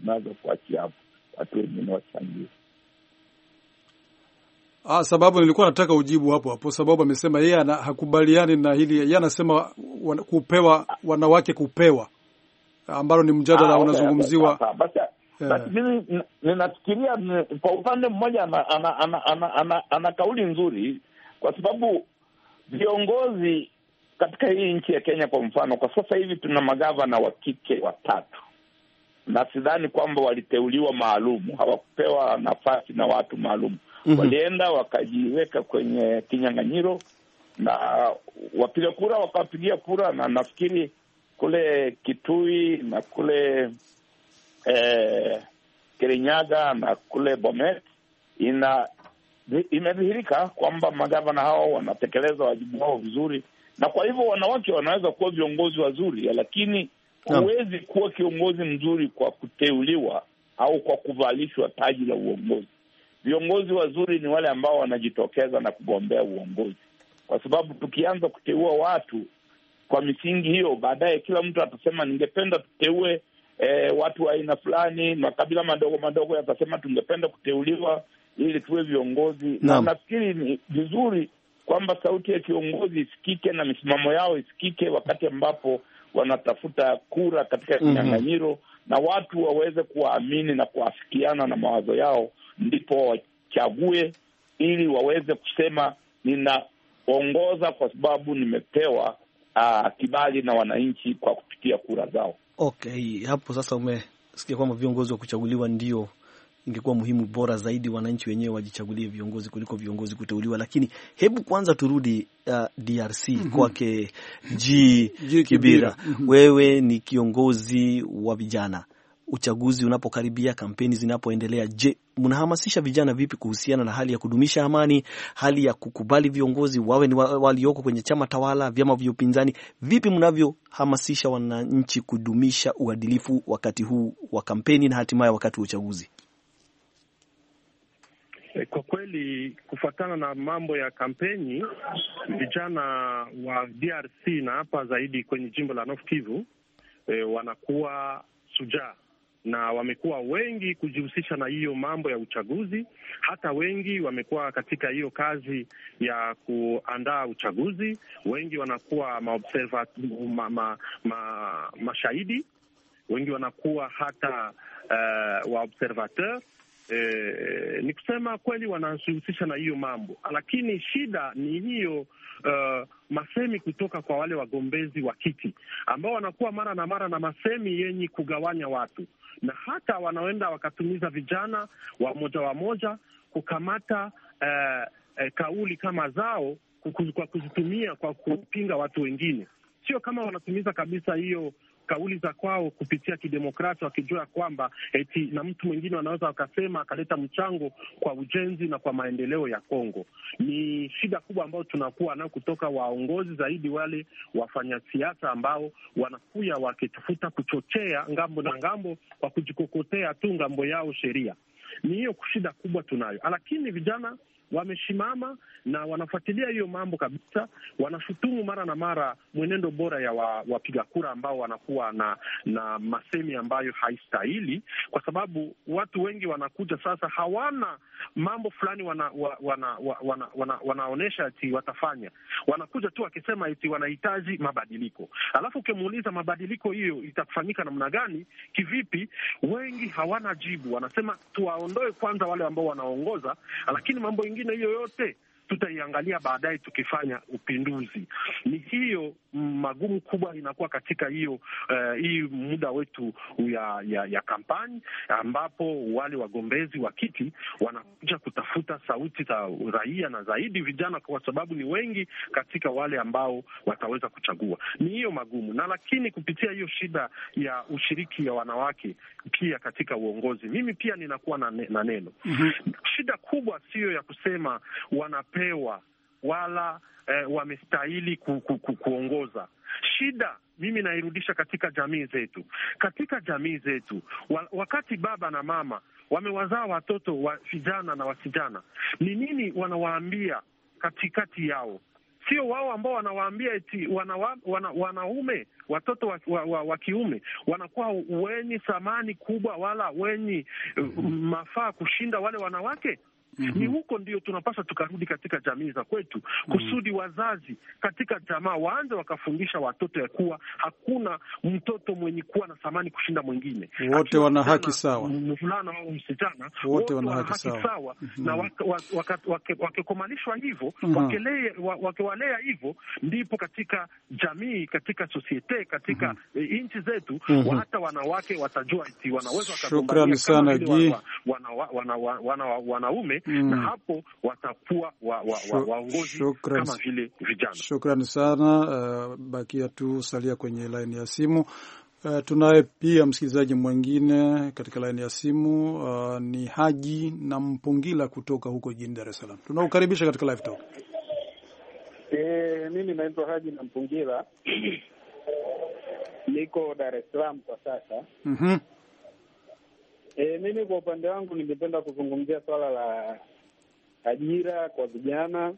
nazo kuachia hapo watu wengine wachangie. Ah, sababu nilikuwa nataka ujibu hapo hapo, sababu amesema yeye hakubaliani na hili. Yeye anasema kupewa wanawake kupewa, ambalo ni mjadala ah, unazungumziwa. Eh. Basi mimi ninafikiria kwa upande mmoja ana, ana, ana, ana, ana, ana kauli nzuri, kwa sababu viongozi katika hii nchi ya Kenya kwa mfano, kwa sasa hivi tuna magavana wa kike watatu na sidhani kwamba waliteuliwa maalumu, hawakupewa nafasi na watu maalumu. Mm -hmm. Walienda wakajiweka kwenye kinyang'anyiro na wapiga kura wakawapigia kura, na nafikiri kule Kitui na kule eh, Kirinyaga na kule Bomet ina imedhihirika kwamba magavana hao wanatekeleza wajibu wao vizuri, na kwa hivyo wanawake wanaweza kuwa viongozi wazuri, lakini Huwezi kuwa kiongozi mzuri kwa kuteuliwa au kwa kuvalishwa taji la uongozi. Viongozi wazuri ni wale ambao wanajitokeza na kugombea uongozi, kwa sababu tukianza kuteua watu kwa misingi hiyo, baadaye kila mtu atasema ningependa tuteue e, watu wa aina fulani. Makabila madogo madogo yatasema tungependa kuteuliwa ili tuwe viongozi na, na nafikiri ni vizuri kwamba sauti ya kiongozi isikike na misimamo yao isikike wakati ambapo wanatafuta kura katika mhm. kinyang'anyiro mm -hmm. na watu waweze kuwaamini na kuafikiana na mawazo yao, ndipo wachague ili waweze kusema ninaongoza kwa sababu nimepewa uh, kibali na wananchi kwa kupitia kura zao. Okay, hapo sasa umesikia kwamba viongozi wa kuchaguliwa ndio ingekuwa muhimu bora zaidi wananchi wenyewe wajichagulie viongozi kuliko viongozi kuteuliwa. Lakini hebu kwanza turudi uh, DRC mm -hmm. kwake mhm. G Kibira mm -hmm. wewe ni kiongozi wa vijana uchaguzi unapokaribia, kampeni zinapoendelea, je, mnahamasisha vijana vipi kuhusiana na hali ya kudumisha amani, hali ya kukubali viongozi wawe ni walioko kwenye chama tawala, vyama vya upinzani? Vipi mnavyohamasisha wananchi kudumisha uadilifu wakati huu wa kampeni na hatimaye wakati wa uchaguzi? Eh, kwa kweli kufuatana na mambo ya kampeni, vijana wa DRC na hapa zaidi kwenye jimbo la North Kivu e, wanakuwa sujaa na wamekuwa wengi kujihusisha na hiyo mambo ya uchaguzi. Hata wengi wamekuwa katika hiyo kazi ya kuandaa uchaguzi, wengi wanakuwa maobserva, ma, ma, ma, mashahidi, wengi wanakuwa hata uh, waobservateur Eh, eh, ni kusema kweli wanajihusisha na hiyo mambo, lakini shida ni hiyo uh, masemi kutoka kwa wale wagombezi wa kiti ambao wanakuwa mara na mara na masemi yenye kugawanya watu, na hata wanaenda wakatumiza vijana wamoja wamoja kukamata uh, uh, kauli kama zao kwa kuzitumia kwa kupinga watu wengine, sio kama wanatumiza kabisa hiyo kauli za kwao kupitia kidemokrasia, wakijua ya kwamba eti na mtu mwingine wanaweza wakasema akaleta mchango kwa ujenzi na kwa maendeleo ya Kongo. Ni shida kubwa ambayo tunakuwa nayo kutoka waongozi, zaidi wale wafanyasiasa ambao wanakuya wakitafuta kuchochea ngambo na ngambo kwa kujikokotea tu ngambo yao sheria. Ni hiyo shida kubwa tunayo, lakini vijana wamesimama na wanafuatilia hiyo mambo kabisa. Wanashutumu mara na mara mwenendo bora ya wapiga kura ambao wanakuwa na na masemi ambayo haistahili, kwa sababu watu wengi wanakuja sasa, hawana mambo fulani wanaonyesha wana, wana, wana, wana ati watafanya, wanakuja tu wakisema ati wanahitaji mabadiliko, alafu ukimuuliza mabadiliko hiyo itafanyika namna gani, kivipi, wengi hawana jibu. Wanasema tuwaondoe kwanza wale ambao wanaongoza, lakini mambo ingine mingine hiyo yote tutaiangalia baadaye tukifanya upinduzi. Ni hiyo magumu kubwa inakuwa katika hiyo uh, hii muda wetu ya, ya, ya kampani ambapo wale wagombezi wa kiti wanakuja kutafuta sauti za raia na zaidi vijana, kwa sababu ni wengi katika wale ambao wataweza kuchagua. Ni hiyo magumu, na lakini kupitia hiyo shida ya ushiriki ya wanawake pia katika uongozi, mimi pia ninakuwa na, neno mm -hmm. Shida kubwa siyo ya kusema wanapewa wala eh, wamestahili ku, ku, ku, kuongoza. Shida mimi nairudisha katika jamii zetu, katika jamii zetu wa, wakati baba na mama wamewazaa watoto wa vijana na wasijana, ni nini wanawaambia katikati yao? Sio wao ambao wanawaambia eti wana, wana, wanaume watoto wa, wa, wa, wa kiume wanakuwa wenye thamani kubwa wala wenye eh, mm-hmm. mafaa kushinda wale wanawake mm -hmm. Ni huko ndio tunapaswa tukarudi katika jamii za kwetu kusudi mm -hmm. wazazi katika jamaa waanze wakafundisha watoto ya kuwa hakuna mtoto mwenye kuwa na thamani kushinda mwingine, wote wana haki sawa, mvulana au msichana, wote wana haki sawa mm -hmm. na wakekomanishwa wake, wake hivyo mm -hmm. wakewalea hivyo, ndipo katika jamii, katika societe, katika mm -hmm. nchi zetu mm -hmm. hata wanawake watajua eti wanaweza wakatumbania wanaume mm. na hapo watakuwa waongozi wa, wa, wa kama vile vijana. Shukrani sana. Uh, bakia tu salia kwenye laini ya simu. Uh, tunaye pia msikilizaji mwingine katika laini ya simu uh, ni Haji na Mpungila kutoka huko jijini Dar es Salaam. Tunaukaribisha katika live talk. Eh, mimi naitwa Haji na Mpungila niko Dar es Salaam kwa sasa. mm -hmm. E, mimi kwa upande wangu ningependa kuzungumzia swala la ajira kwa vijana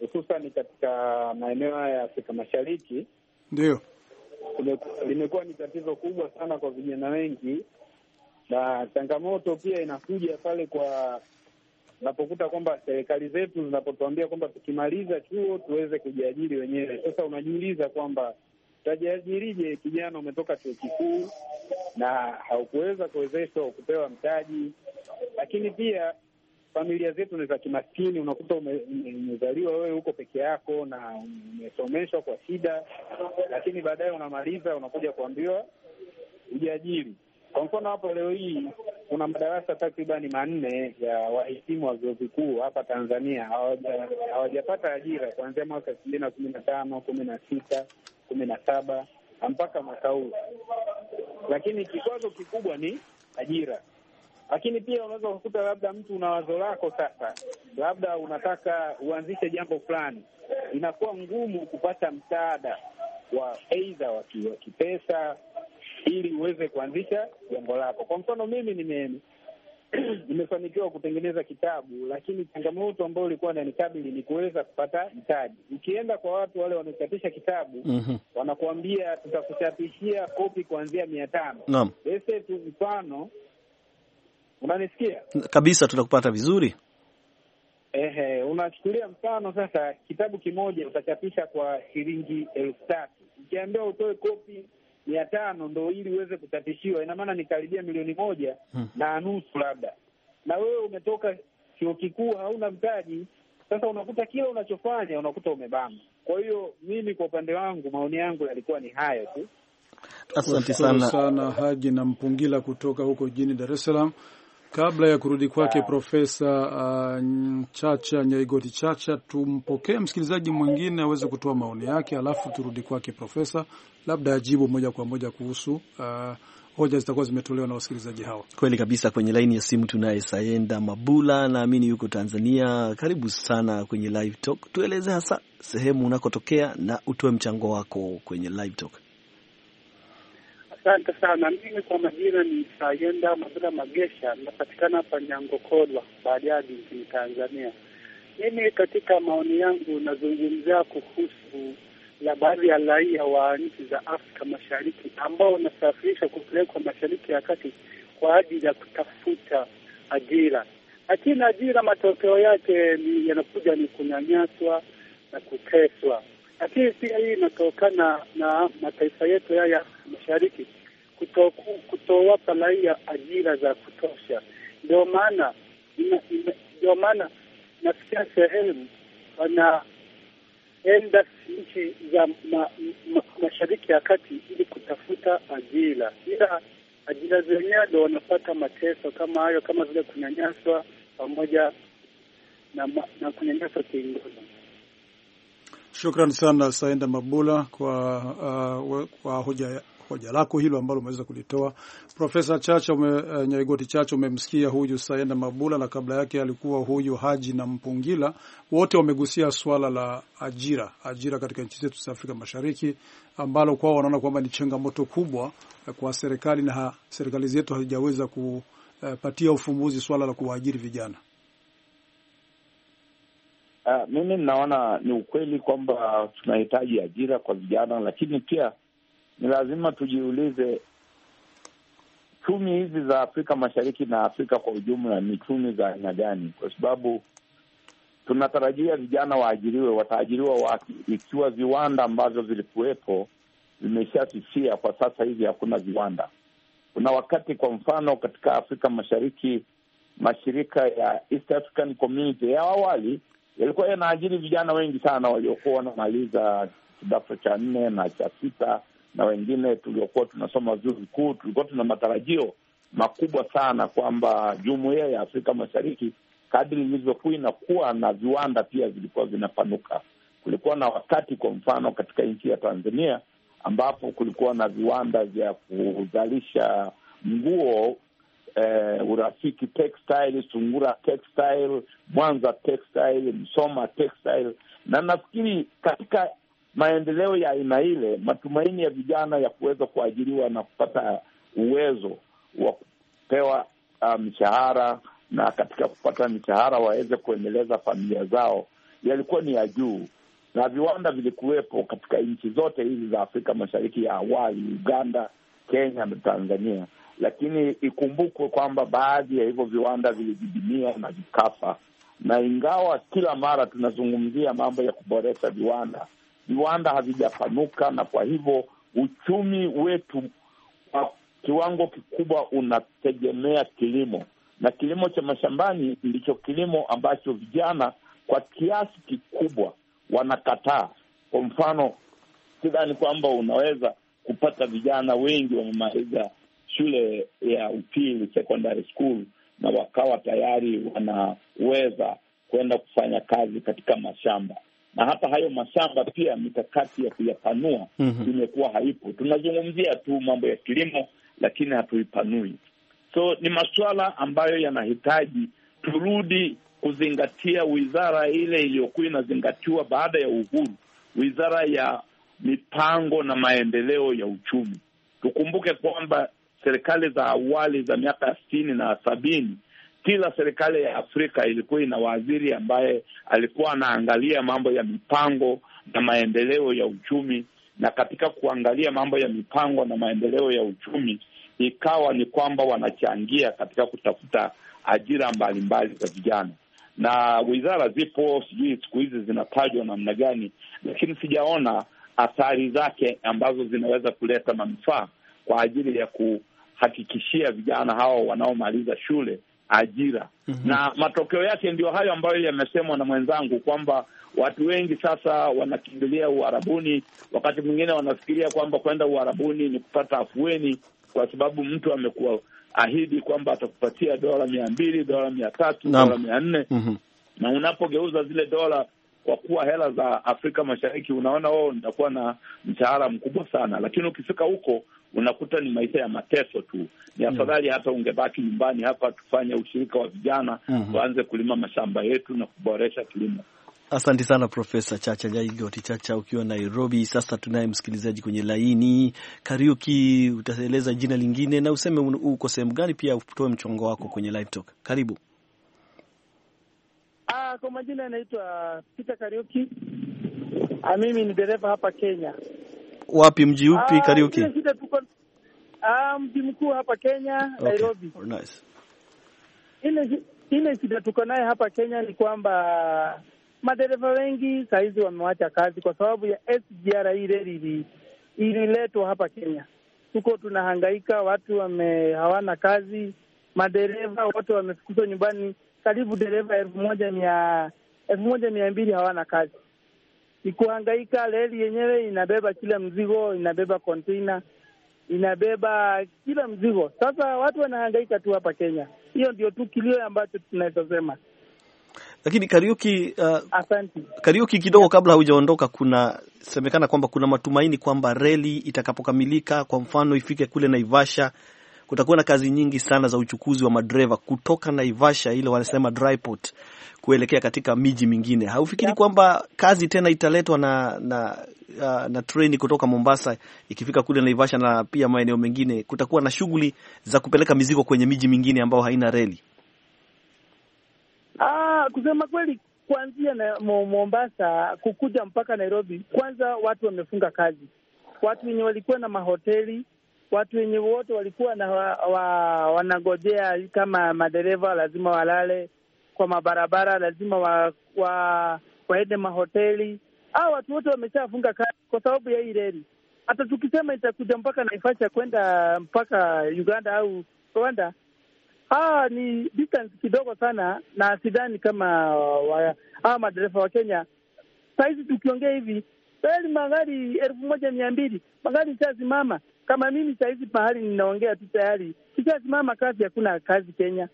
hususan katika maeneo haya ya Afrika Mashariki. Ndio limekuwa ni tatizo kubwa sana kwa vijana wengi, na changamoto pia inakuja pale kwa napokuta kwamba serikali zetu zinapotuambia kwamba tukimaliza chuo tuweze kujiajiri wenyewe. Sasa unajiuliza kwamba utajiajirije kijana umetoka chuo kikuu na haukuweza kuwezeshwa kupewa mtaji? Lakini pia familia zetu ni za kimaskini, unakuta umezaliwa wewe huko peke yako na umesomeshwa kwa shida, lakini baadaye unamaliza unakuja kuambiwa ujiajiri. Kwa mfano hapo leo hii kuna madarasa takribani manne ya wahitimu wa vyuo vikuu hapa Tanzania hawajapata ajira kuanzia mwaka elfu mbili na kumi na tano kumi na sita kumi na saba mpaka mwaka huu, lakini kikwazo kikubwa ni ajira. Lakini pia unaweza kukuta labda mtu una wazo lako sasa, labda unataka uanzishe jambo fulani, inakuwa ngumu kupata msaada wa aidha wa kipesa ili uweze kuanzisha jambo lako. Kwa mfano mimi nime nimefanikiwa kutengeneza kitabu, lakini changamoto ambayo ilikuwa inanikabili ni kuweza kupata mtaji. Ukienda kwa watu wale wanaochapisha kitabu mm -hmm. wanakuambia tutakuchapishia kopi kuanzia mia tano naam. tu mfano, unanisikia kabisa, tutakupata vizuri ehe. Unachukulia mfano sasa, kitabu kimoja utachapisha kwa shilingi elfu tatu ukiambiwa utoe kopi mia tano ndo ili uweze kutatishiwa, ina maana nikaribia milioni moja hmm, na nusu labda, na wewe umetoka chuo kikuu hauna mtaji. Sasa unakuta kila unachofanya unakuta umebama. Kwa hiyo mimi kwa upande wangu maoni yangu yalikuwa ni hayo tu. Asante sana sana Haji na Mpungila kutoka huko jijini Dar es Salaam. Kabla ya kurudi kwake ah. Profesa uh, ah, Chacha Nyaigoti Chacha, tumpokee msikilizaji mwingine aweze kutoa maoni yake, alafu turudi kwake Profesa, labda ajibu moja kwa moja kuhusu uh, hoja zitakuwa zimetolewa na wasikilizaji hawa Kweli kabisa. Kwenye laini ya simu tunaye Sayenda Mabula, naamini yuko Tanzania. Karibu sana kwenye Live Talk, tueleze hasa sehemu unakotokea na utoe mchango wako kwenye Live Talk. Asante sana. Mimi kwa majina ni Sayenda Mabula Magesha, napatikana hapa Nyangokolwa, Bariadi nchini Tanzania. Mimi katika maoni yangu nazungumzia kuhusu la baadhi ya raia wa nchi za Afrika Mashariki ambao wanasafirishwa kupelekwa Mashariki ya Kati kwa ajili ya kutafuta ajira, lakini ajira matokeo yake yanakuja ni kunyanyaswa na kuteswa. Lakini pia hii inatokana na mataifa yetu haya mashariki kutowapa raia ajira za kutosha. Ndio maana ndio maana nafikia sehemu wanaenda nchi za ma, ma, mashariki ya kati ili kutafuta ajira, ila ajira zenyewe ndo wanapata mateso kama hayo, kama vile kunyanyaswa pamoja na, na kunyanyaswa kingono. Shukran sana Saenda Mabula kwa, uh, kwa hoja, hoja lako hilo ambalo umeweza kulitoa. Profesa Chacha ume, uh, Nyaigoti Chacha, umemsikia huyu Saenda Mabula na kabla yake alikuwa huyu Haji na Mpungila, wote wamegusia swala la ajira, ajira katika nchi zetu za Afrika Mashariki ambalo kwao wanaona kwamba ni changamoto kubwa uh, kwa serikali na serikali zetu hazijaweza kupatia uh, ufumbuzi swala la kuwaajiri vijana. Uh, mimi ninaona ni ukweli kwamba tunahitaji ajira kwa vijana, lakini pia ni lazima tujiulize, chumi hizi za Afrika Mashariki na Afrika kwa ujumla ni chumi za aina gani? Kwa sababu tunatarajia vijana waajiriwe, wataajiriwa wapi ikiwa viwanda ambavyo vilikuwepo vimeshafifia? Kwa sasa hivi hakuna viwanda. Kuna wakati, kwa mfano, katika Afrika Mashariki mashirika ya East African Community ya awali yalikuwa yanaajiri vijana wengi sana waliokuwa wanamaliza kidato cha nne na cha sita na wengine tuliokuwa tunasoma vyuo vikuu. Tulikuwa tuna matarajio makubwa sana kwamba jumuiya ya Afrika Mashariki kadri ilivyokuwa inakuwa na viwanda pia vilikuwa vinapanuka. Kulikuwa na wakati, kwa mfano, katika nchi ya Tanzania ambapo kulikuwa na viwanda vya kuzalisha nguo eh, Urafiki Textile, Sungura Textile, Mwanza Textile, Msoma Textile, na nafikiri katika maendeleo ya aina ile, matumaini ya vijana ya kuweza kuajiriwa na kupata uwezo wa kupewa uh, mishahara na katika kupata mishahara waweze kuendeleza familia zao yalikuwa ni ya juu, na viwanda vilikuwepo katika nchi zote hizi za Afrika Mashariki ya awali, Uganda, Kenya na Tanzania lakini ikumbukwe kwamba baadhi ya hivyo viwanda vilididimia na vikafa, na ingawa kila mara tunazungumzia mambo ya kuboresha viwanda, viwanda havijapanuka, na kwa hivyo uchumi wetu kwa kiwango kikubwa unategemea kilimo, na kilimo cha mashambani ndicho kilimo ambacho vijana kwa kiasi kikubwa wanakataa. Kwa mfano, sidhani kwamba unaweza kupata vijana wengi wamemaliza shule ya upili secondary school, na wakawa tayari wanaweza kwenda kufanya kazi katika mashamba na hata hayo mashamba pia mikakati ya kuyapanua mm -hmm. imekuwa haipo. Tunazungumzia tu mambo ya kilimo, lakini hatuipanui. So ni masuala ambayo yanahitaji turudi kuzingatia wizara ile iliyokuwa inazingatiwa baada ya uhuru, wizara ya mipango na maendeleo ya uchumi. Tukumbuke kwamba serikali za awali za miaka sitini na sabini kila serikali ya Afrika ilikuwa ina waziri ambaye alikuwa anaangalia mambo ya mipango na maendeleo ya uchumi, na katika kuangalia mambo ya mipango na maendeleo ya uchumi ikawa ni kwamba wanachangia katika kutafuta ajira mbalimbali za vijana, na wizara zipo, sijui siku hizi zinatajwa namna gani, lakini sijaona athari zake ambazo zinaweza kuleta manufaa kwa ajili ya ku kuwahakikishia vijana hao wanaomaliza shule ajira mm -hmm. Na matokeo yake ndio hayo ambayo yamesemwa na mwenzangu kwamba watu wengi sasa wanakimbilia Uarabuni. Wakati mwingine wanafikiria kwamba kwenda Uarabuni ni kupata afueni, kwa sababu mtu amekuwa ahidi kwamba atakupatia dola mia mbili, dola mia tatu, dola mia nne mm -hmm. na unapogeuza zile dola kwa kuwa hela za Afrika Mashariki, unaona wao nitakuwa na mshahara mkubwa sana, lakini ukifika huko unakuta ni maisha ya mateso tu. Ni afadhali hata ungebaki nyumbani hapa, tufanye ushirika wa vijana mm-hmm. tuanze uh -huh. kulima mashamba yetu na kuboresha kilimo. Asante sana Profesa Chacha Jaigoti Chacha ukiwa Nairobi. Sasa tunaye msikilizaji kwenye laini. Kariuki, utaeleza jina lingine na useme uko sehemu gani, pia utoe mchongo wako kwenye live talk. Karibu. Ah, kwa majina anaitwa Peter Kariuki. Ah, mimi ni dereva hapa Kenya. Wapi, mji upi ah, Kariuki? Ah, mji mkuu hapa Kenya, okay. Nairobi. Oh, nice. Ile ile shida tuko naye hapa Kenya ni kwamba madereva wengi sahizi wamewacha kazi kwa sababu ya SGR. Hii reli ililetwa hapa Kenya, tuko tunahangaika, watu wame hawana kazi, madereva wote wamefukuzwa nyumbani karibu dereva elfu moja mia elfu moja mia mbili hawana kazi, ni kuhangaika. Reli yenyewe inabeba kila mzigo, inabeba container, inabeba kila mzigo. Sasa watu wanahangaika tu hapa Kenya. Hiyo ndio tu kilio ambacho tunaweza sema. Lakini Kariuki, uh, asante Kariuki, kidogo kabla haujaondoka, kunasemekana kwamba kuna matumaini kwamba reli itakapokamilika, kwa mfano ifike kule Naivasha, kutakuwa na kazi nyingi sana za uchukuzi wa madereva kutoka Naivasha, ile wanasema dryport, kuelekea katika miji mingine. Haufikiri yeah, kwamba kazi tena italetwa na na, na, uh, na treni kutoka Mombasa ikifika kule Naivasha na pia maeneo mengine, kutakuwa na shughuli za kupeleka mizigo kwenye miji mingine ambayo haina reli. Ah, kusema kweli kuanzia na Mombasa kukuja mpaka Nairobi, kwanza watu wamefunga kazi. Watu wenye walikuwa na mahoteli watu wenye wote walikuwa na wa, wa, wanagojea kama madereva lazima walale kwa mabarabara, lazima wa, wa, waende mahoteli. Hawa watu wote wameshafunga kazi kwa sababu ya hii reli. Hata tukisema itakuja mpaka Naivasha kwenda mpaka Uganda au Rwanda, hawa ni distance kidogo sana, na sidhani kama hawa madereva wa Kenya sahizi tukiongea hivi tayari magari elfu moja mia mbili magari ishasimama. Kama mimi sahizi pahali ninaongea tu tayari ishasimama kazi, hakuna kazi Kenya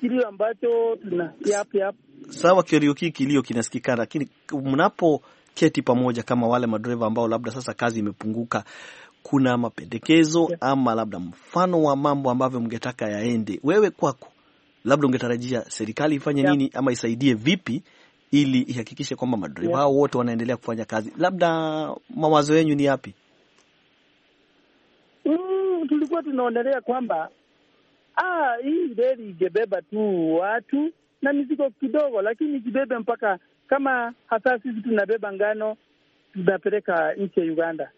kilio ambacho tuna yap yap. Sawa, Kariuki, kilio kinasikikana, lakini mnapo keti pamoja kama wale madereva ambao labda sasa kazi imepunguka, kuna mapendekezo ama labda mfano wa mambo ambavyo mngetaka yaende, wewe kwako labda ungetarajia serikali ifanye yeah, nini ama isaidie vipi ili ihakikishe kwamba madereva hao yeah, wote wanaendelea kufanya kazi. Labda mawazo yenyu ni yapi? Mm, tulikuwa tunaonelea kwamba ah, hii reli ingebeba tu watu na mizigo kidogo, lakini ikibebe mpaka kama hasa sisi tunabeba ngano tunapeleka nchi ya Uganda.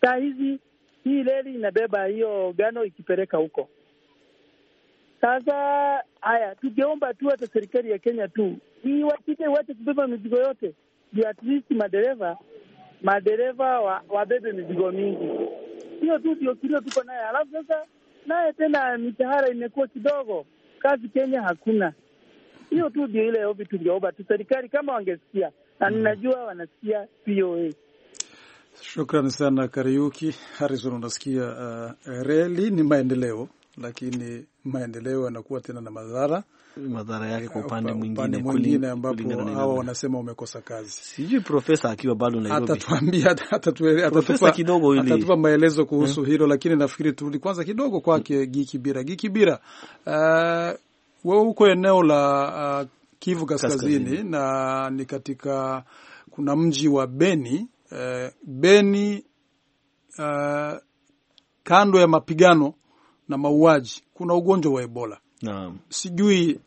Saa hizi hii reli inabeba hiyo ngano ikipeleka huko. Sasa haya, tungeomba tu hata serikali ya Kenya tu iwatike wote kubeba mizigo yote juu, at least madereva madereva wa, wabebe mizigo mingi. Hiyo tu ndio kilio tuko naye. Alafu sasa naye tena mishahara imekuwa kidogo, kazi Kenya hakuna. Hiyo tu ndio ile ovi tungeomba tu serikali kama wangesikia, na mm. ninajua wanasikia VOA. Shukrani sana Kariuki Harison, Unasikia uh, reli ni maendeleo, lakini maendeleo yanakuwa tena na madhara madhara yake kwa eh, upande mwingine, mwingine ambapo hawa wanasema umekosa kazi. Sijui profesa akiwa bado atatuambia atatupa kidogo ili atatupa maelezo kuhusu eh. hilo lakini nafikiri turudi kwanza kidogo kwake Gikibira. Gikibira, uh, eh, wewe huko eneo la uh, Kivu kaskazini, kaskazini na ni katika kuna mji wa Beni uh, Beni uh, kando ya mapigano na mauaji kuna ugonjwa wa Ebola Naam. Sijui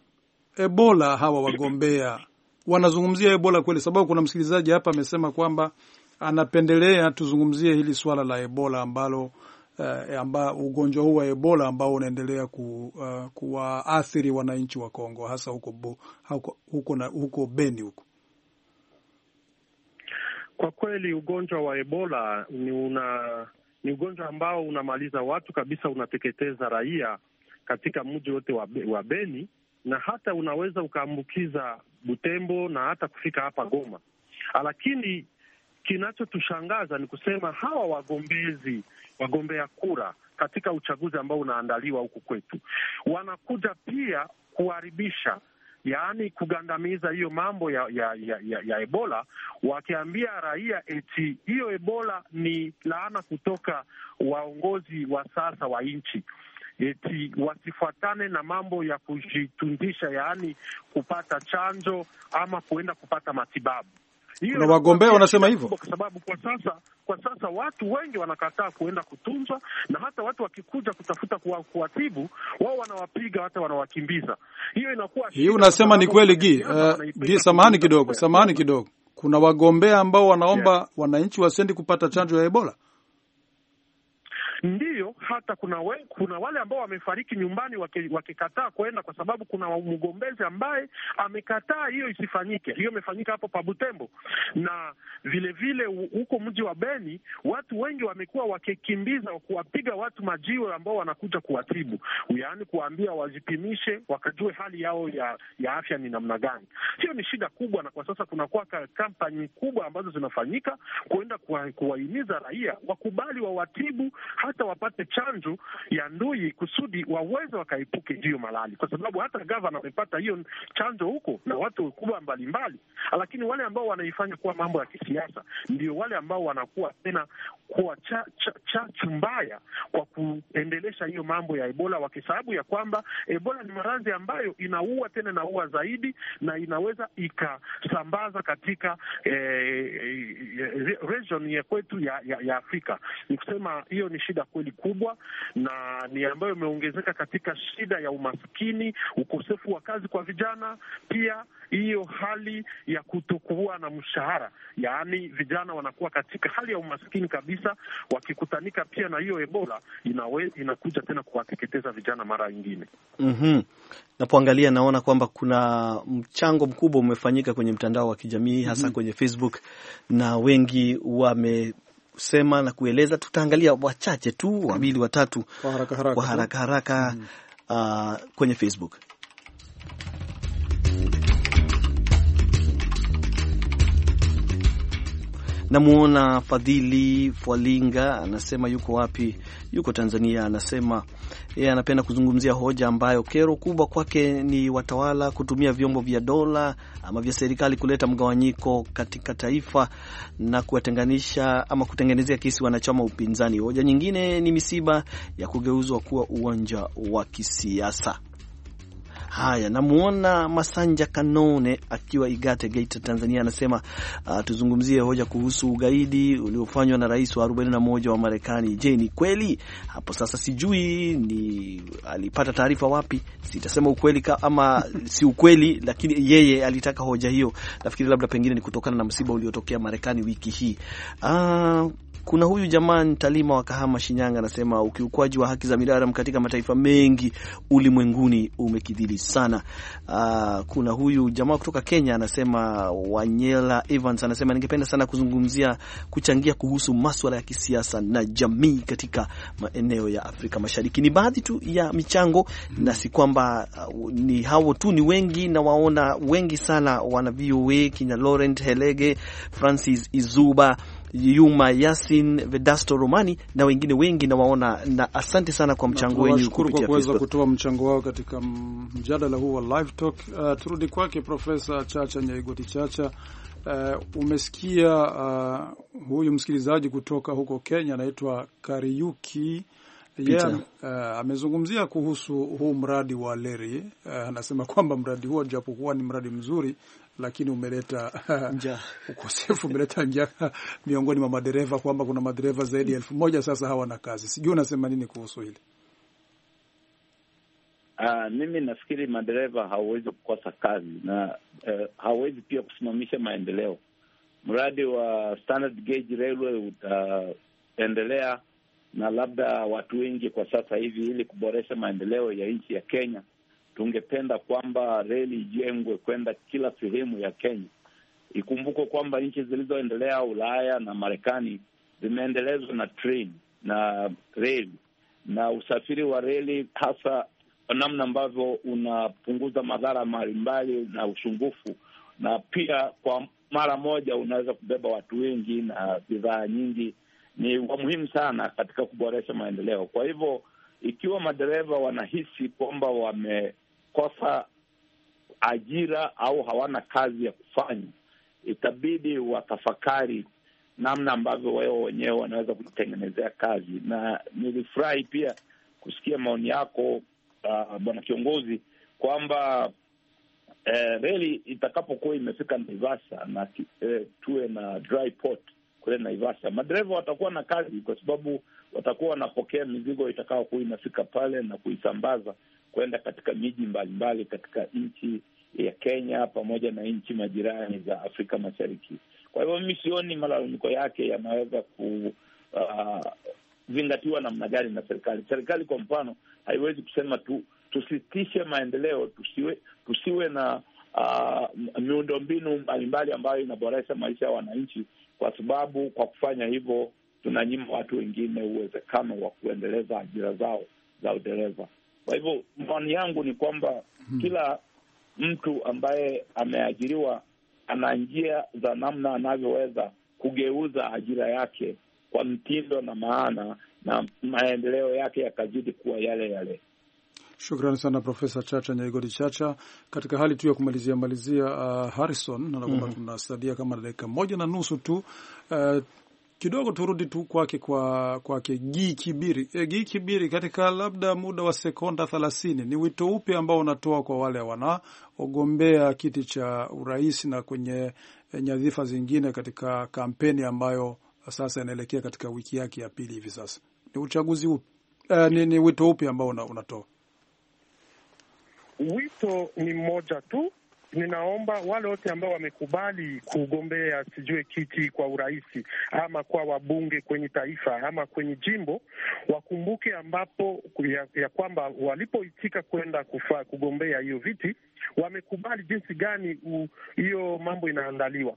Ebola hawa wagombea wanazungumzia Ebola kweli? Sababu kuna msikilizaji hapa amesema kwamba anapendelea tuzungumzie hili swala la Ebola ambalo uh, amba, ugonjwa huu wa Ebola ambao unaendelea ku, uh, kuwaathiri wananchi wa Kongo hasa huko, bo, huko, huko, na, huko Beni huko. Kwa kweli ugonjwa wa Ebola ni una ni ugonjwa ambao unamaliza watu kabisa, unateketeza raia katika mji wote wa, wa Beni na hata unaweza ukaambukiza Butembo na hata kufika hapa Goma. Lakini kinachotushangaza ni kusema hawa wagombezi wagombea kura katika uchaguzi ambao unaandaliwa huku kwetu wanakuja pia kuharibisha yaani kugandamiza hiyo mambo ya ya, ya, ya ya Ebola, wakiambia raia eti hiyo Ebola ni laana kutoka waongozi wa sasa wa nchi eti wasifuatane na mambo ya kujitundisha, yaani kupata chanjo ama kuenda kupata matibabu. Kuna wagombea wanasema hivyo, kwa sababu kwa sasa kwa sasa watu wengi wanakataa kuenda kutunzwa, na hata watu wakikuja kutafuta kuwatibu wao wanawapiga, hata wanawakimbiza. Hiyo inakuwa hii, unasema ni kweli gi eh, gi. Samahani kidogo, samahani kidogo, kuna wagombea ambao wanaomba wananchi wasiendi kupata chanjo ya Ebola. Ndiyo, hata kuna we, kuna wale ambao wamefariki nyumbani wakikataa kwenda, kwa sababu kuna mgombezi ambaye amekataa hiyo isifanyike. Hiyo imefanyika hapo Pabutembo na vilevile huko mji wa Beni, watu wengi wamekuwa wakikimbiza kuwapiga watu majiwe ambao wanakuja kuwatibu, yaani kuwaambia wajipimishe, wakajue hali yao ya, ya afya ni namna gani. Hiyo ni shida kubwa, na kwa sasa kunakuwa kampani kubwa ambazo zinafanyika kuenda kuwahimiza raia wakubali wawatibu hata wapate chanjo ya ndui kusudi waweze wakaepuke hiyo malali, kwa sababu hata gavana wamepata hiyo chanjo huko na watu wakubwa mbalimbali, lakini wale ambao wanaifanya kuwa mambo ya kisiasa ndio wale ambao wanakuwa tena kuwa chachu cha, cha, cha mbaya kwa kuendelesha hiyo mambo ya Ebola, wakisababu ya kwamba Ebola ni maradhi ambayo inaua tena inaua zaidi na inaweza ikasambaza katika eh, eh, eh region ya kwetu ya, ya, ya Afrika. Ni kusema hiyo ni shida shida kweli kubwa, na ni ambayo imeongezeka katika shida ya umaskini, ukosefu wa kazi kwa vijana, pia hiyo hali ya kutokuwa na mshahara, yaani vijana wanakuwa katika hali ya umaskini kabisa. Wakikutanika pia na hiyo Ebola inawe, inakuja tena kuwateketeza vijana mara nyingine. mm -hmm. Napoangalia naona kwamba kuna mchango mkubwa umefanyika kwenye mtandao wa kijamii hasa mm -hmm. kwenye Facebook na wengi wame kusema na kueleza, tutaangalia wachache tu wawili watatu kwa haraka haraka, kwa haraka, haraka mm. uh, kwenye Facebook. Namwona Fadhili Fwalinga anasema yuko wapi? Yuko Tanzania. Anasema yeye anapenda kuzungumzia hoja ambayo kero kubwa kwake ni watawala kutumia vyombo vya dola ama vya serikali kuleta mgawanyiko katika taifa na kuwatenganisha ama kutengenezea kesi wanachama upinzani. Hoja nyingine ni misiba ya kugeuzwa kuwa uwanja wa kisiasa. Haya, namwona Masanja Kanone akiwa Igate, Geita, Tanzania, anasema uh, tuzungumzie hoja kuhusu ugaidi uliofanywa na rais wa 41 wa Marekani. Je, ni kweli? Hapo sasa sijui ni alipata taarifa wapi, sitasema ukweli ka, ama si ukweli, lakini yeye alitaka hoja hiyo. Nafikiri labda pengine ni kutokana na msiba uliotokea Marekani wiki hii uh, kuna huyu jamaa Ntalima wa Kahama, Shinyanga, anasema ukiukwaji wa haki za binadamu katika mataifa mengi ulimwenguni umekidhili sana. Uh, kuna huyu jamaa kutoka Kenya anasema, Wanyela Evans anasema ningependa sana kuzungumzia kuchangia kuhusu maswala ya kisiasa na jamii katika maeneo ya Afrika Mashariki. Ni baadhi tu ya michango na si kwamba uh, ni hao tu, ni wengi na waona wengi sana wana VOA Laurent Helege, Francis Izuba Yuma Yasin, Vedasto Romani na wengine wengi nawaona, na asante sana kwa mchango wenyu kupitia kuweza kutoa mchango wao katika mjadala huu wa live talk. Uh, turudi kwake Profesa Chacha Nyaigoti Chacha. Uh, umesikia uh, huyu msikilizaji kutoka huko Kenya anaitwa Kariuki Yeah, uh, amezungumzia kuhusu huu mradi wa leri. Uh, anasema uh, kwamba mradi huo japokuwa ni mradi mzuri, lakini umeleta ukosefu, umeleta njaa miongoni mwa madereva, kwamba kuna madereva zaidi ya elfu moja sasa hawana kazi. Sijui unasema nini kuhusu hili? Uh, mimi nafikiri madereva hawawezi kukosa kazi na uh, hawawezi pia kusimamisha maendeleo. Mradi wa standard gauge railway utaendelea, uh, na labda watu wengi kwa sasa hivi, ili kuboresha maendeleo ya nchi ya Kenya tungependa kwamba reli ijengwe kwenda kila sehemu ya Kenya. Ikumbukwe kwamba nchi zilizoendelea Ulaya na Marekani zimeendelezwa na train na reli na usafiri wa reli, hasa kwa namna ambavyo unapunguza madhara mbalimbali na usumbufu, na pia kwa mara moja unaweza kubeba watu wengi na bidhaa nyingi. Ni wa muhimu sana katika kuboresha maendeleo. Kwa hivyo, ikiwa madereva wanahisi kwamba wame wanakosa ajira au hawana kazi ya kufanya, itabidi watafakari namna ambavyo wao wenyewe wanaweza kujitengenezea kazi. Na nilifurahi pia kusikia maoni yako uh, bwana kiongozi kwamba eh, reli itakapokuwa imefika Naivasha na eh, tuwe na dry port kule Naivasha, madereva watakuwa na kazi, kwa sababu watakuwa wanapokea mizigo itakaokuwa inafika pale na kuisambaza kwenda katika miji mbalimbali katika nchi ya Kenya pamoja na nchi majirani za Afrika Mashariki. Kwa hivyo mimi sioni malalamiko yake yanaweza kuzingatiwa uh, namna gani na serikali. Serikali kwa mfano haiwezi kusema tu tusitishe maendeleo, tusiwe tusiwe na uh, miundombinu mbalimbali ambayo inaboresha maisha ya wananchi, kwa sababu kwa kufanya hivyo tunanyima watu wengine uwezekano wa kuendeleza ajira zao za udereva. Kwa hivyo maoni yangu ni kwamba hmm, kila mtu ambaye ameajiriwa ana njia za namna anavyoweza kugeuza ajira yake kwa mtindo na maana, na maendeleo yake yakazidi kuwa yale yale. Shukrani sana Profesa Chacha Nyaigodi Chacha. Katika hali tu ya kumalizia malizia, uh, Harrison naona kwamba mm -hmm. tunasadia kama dakika moja na nusu tu uh, kidogo turudi tu kwake kwa kwake Gi Kibiri. E, Gi Kibiri, katika labda muda wa sekonda thelathini, ni wito upi ambao unatoa kwa wale wanaogombea kiti cha urais na kwenye e, nyadhifa zingine katika kampeni ambayo sasa inaelekea katika wiki yake ya pili hivi sasa? Ni uchaguzi upi, e, ni, ni wito upi ambao unatoa? Wito ni mmoja tu ninaomba wale wote ambao wamekubali kugombea sijue kiti kwa urais ama kwa wabunge kwenye taifa ama kwenye jimbo wakumbuke ambapo ya, ya kwamba walipoitika kwenda kugombea hiyo viti wamekubali jinsi gani hiyo mambo inaandaliwa.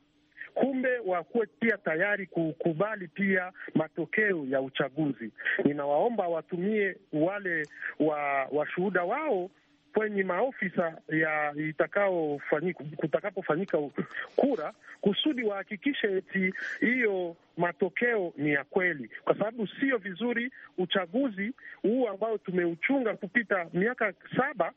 Kumbe wakuwe pia tayari kukubali pia matokeo ya uchaguzi. Ninawaomba watumie wale wa washuhuda wao kwenye maofisa ya itakaofanyika kutakapofanyika kura, kusudi wahakikishe eti hiyo matokeo ni ya kweli, kwa sababu sio vizuri uchaguzi huu ambao tumeuchunga kupita miaka saba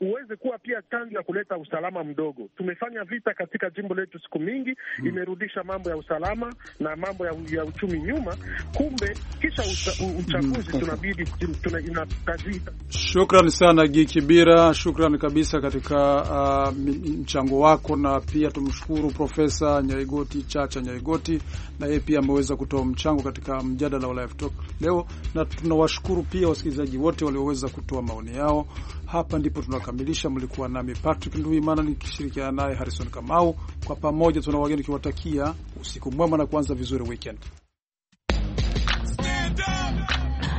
uweze kuwa pia chanzo ya kuleta usalama mdogo. Tumefanya vita katika jimbo letu siku mingi, mm. imerudisha mambo ya usalama na mambo ya, ya uchumi nyuma. Kumbe kisha uchaguzi mm, tunabidi tuna, inakazita. Shukran sana Gikibira, shukran kabisa katika uh, mchango wako, na pia tumshukuru Profesa Nyaigoti Chacha Nyaigoti, na yeye pia ameweza kutoa mchango katika mjadala wa Live Talk leo, na tunawashukuru pia wasikilizaji wote walioweza kutoa maoni yao. Hapa ndipo tunakamilisha. Mlikuwa nami Patrick Nduimana nikishirikiana naye Harrison Kamau. Kwa pamoja tuna wageni ukiwatakia usiku mwema na kuanza vizuri weekend.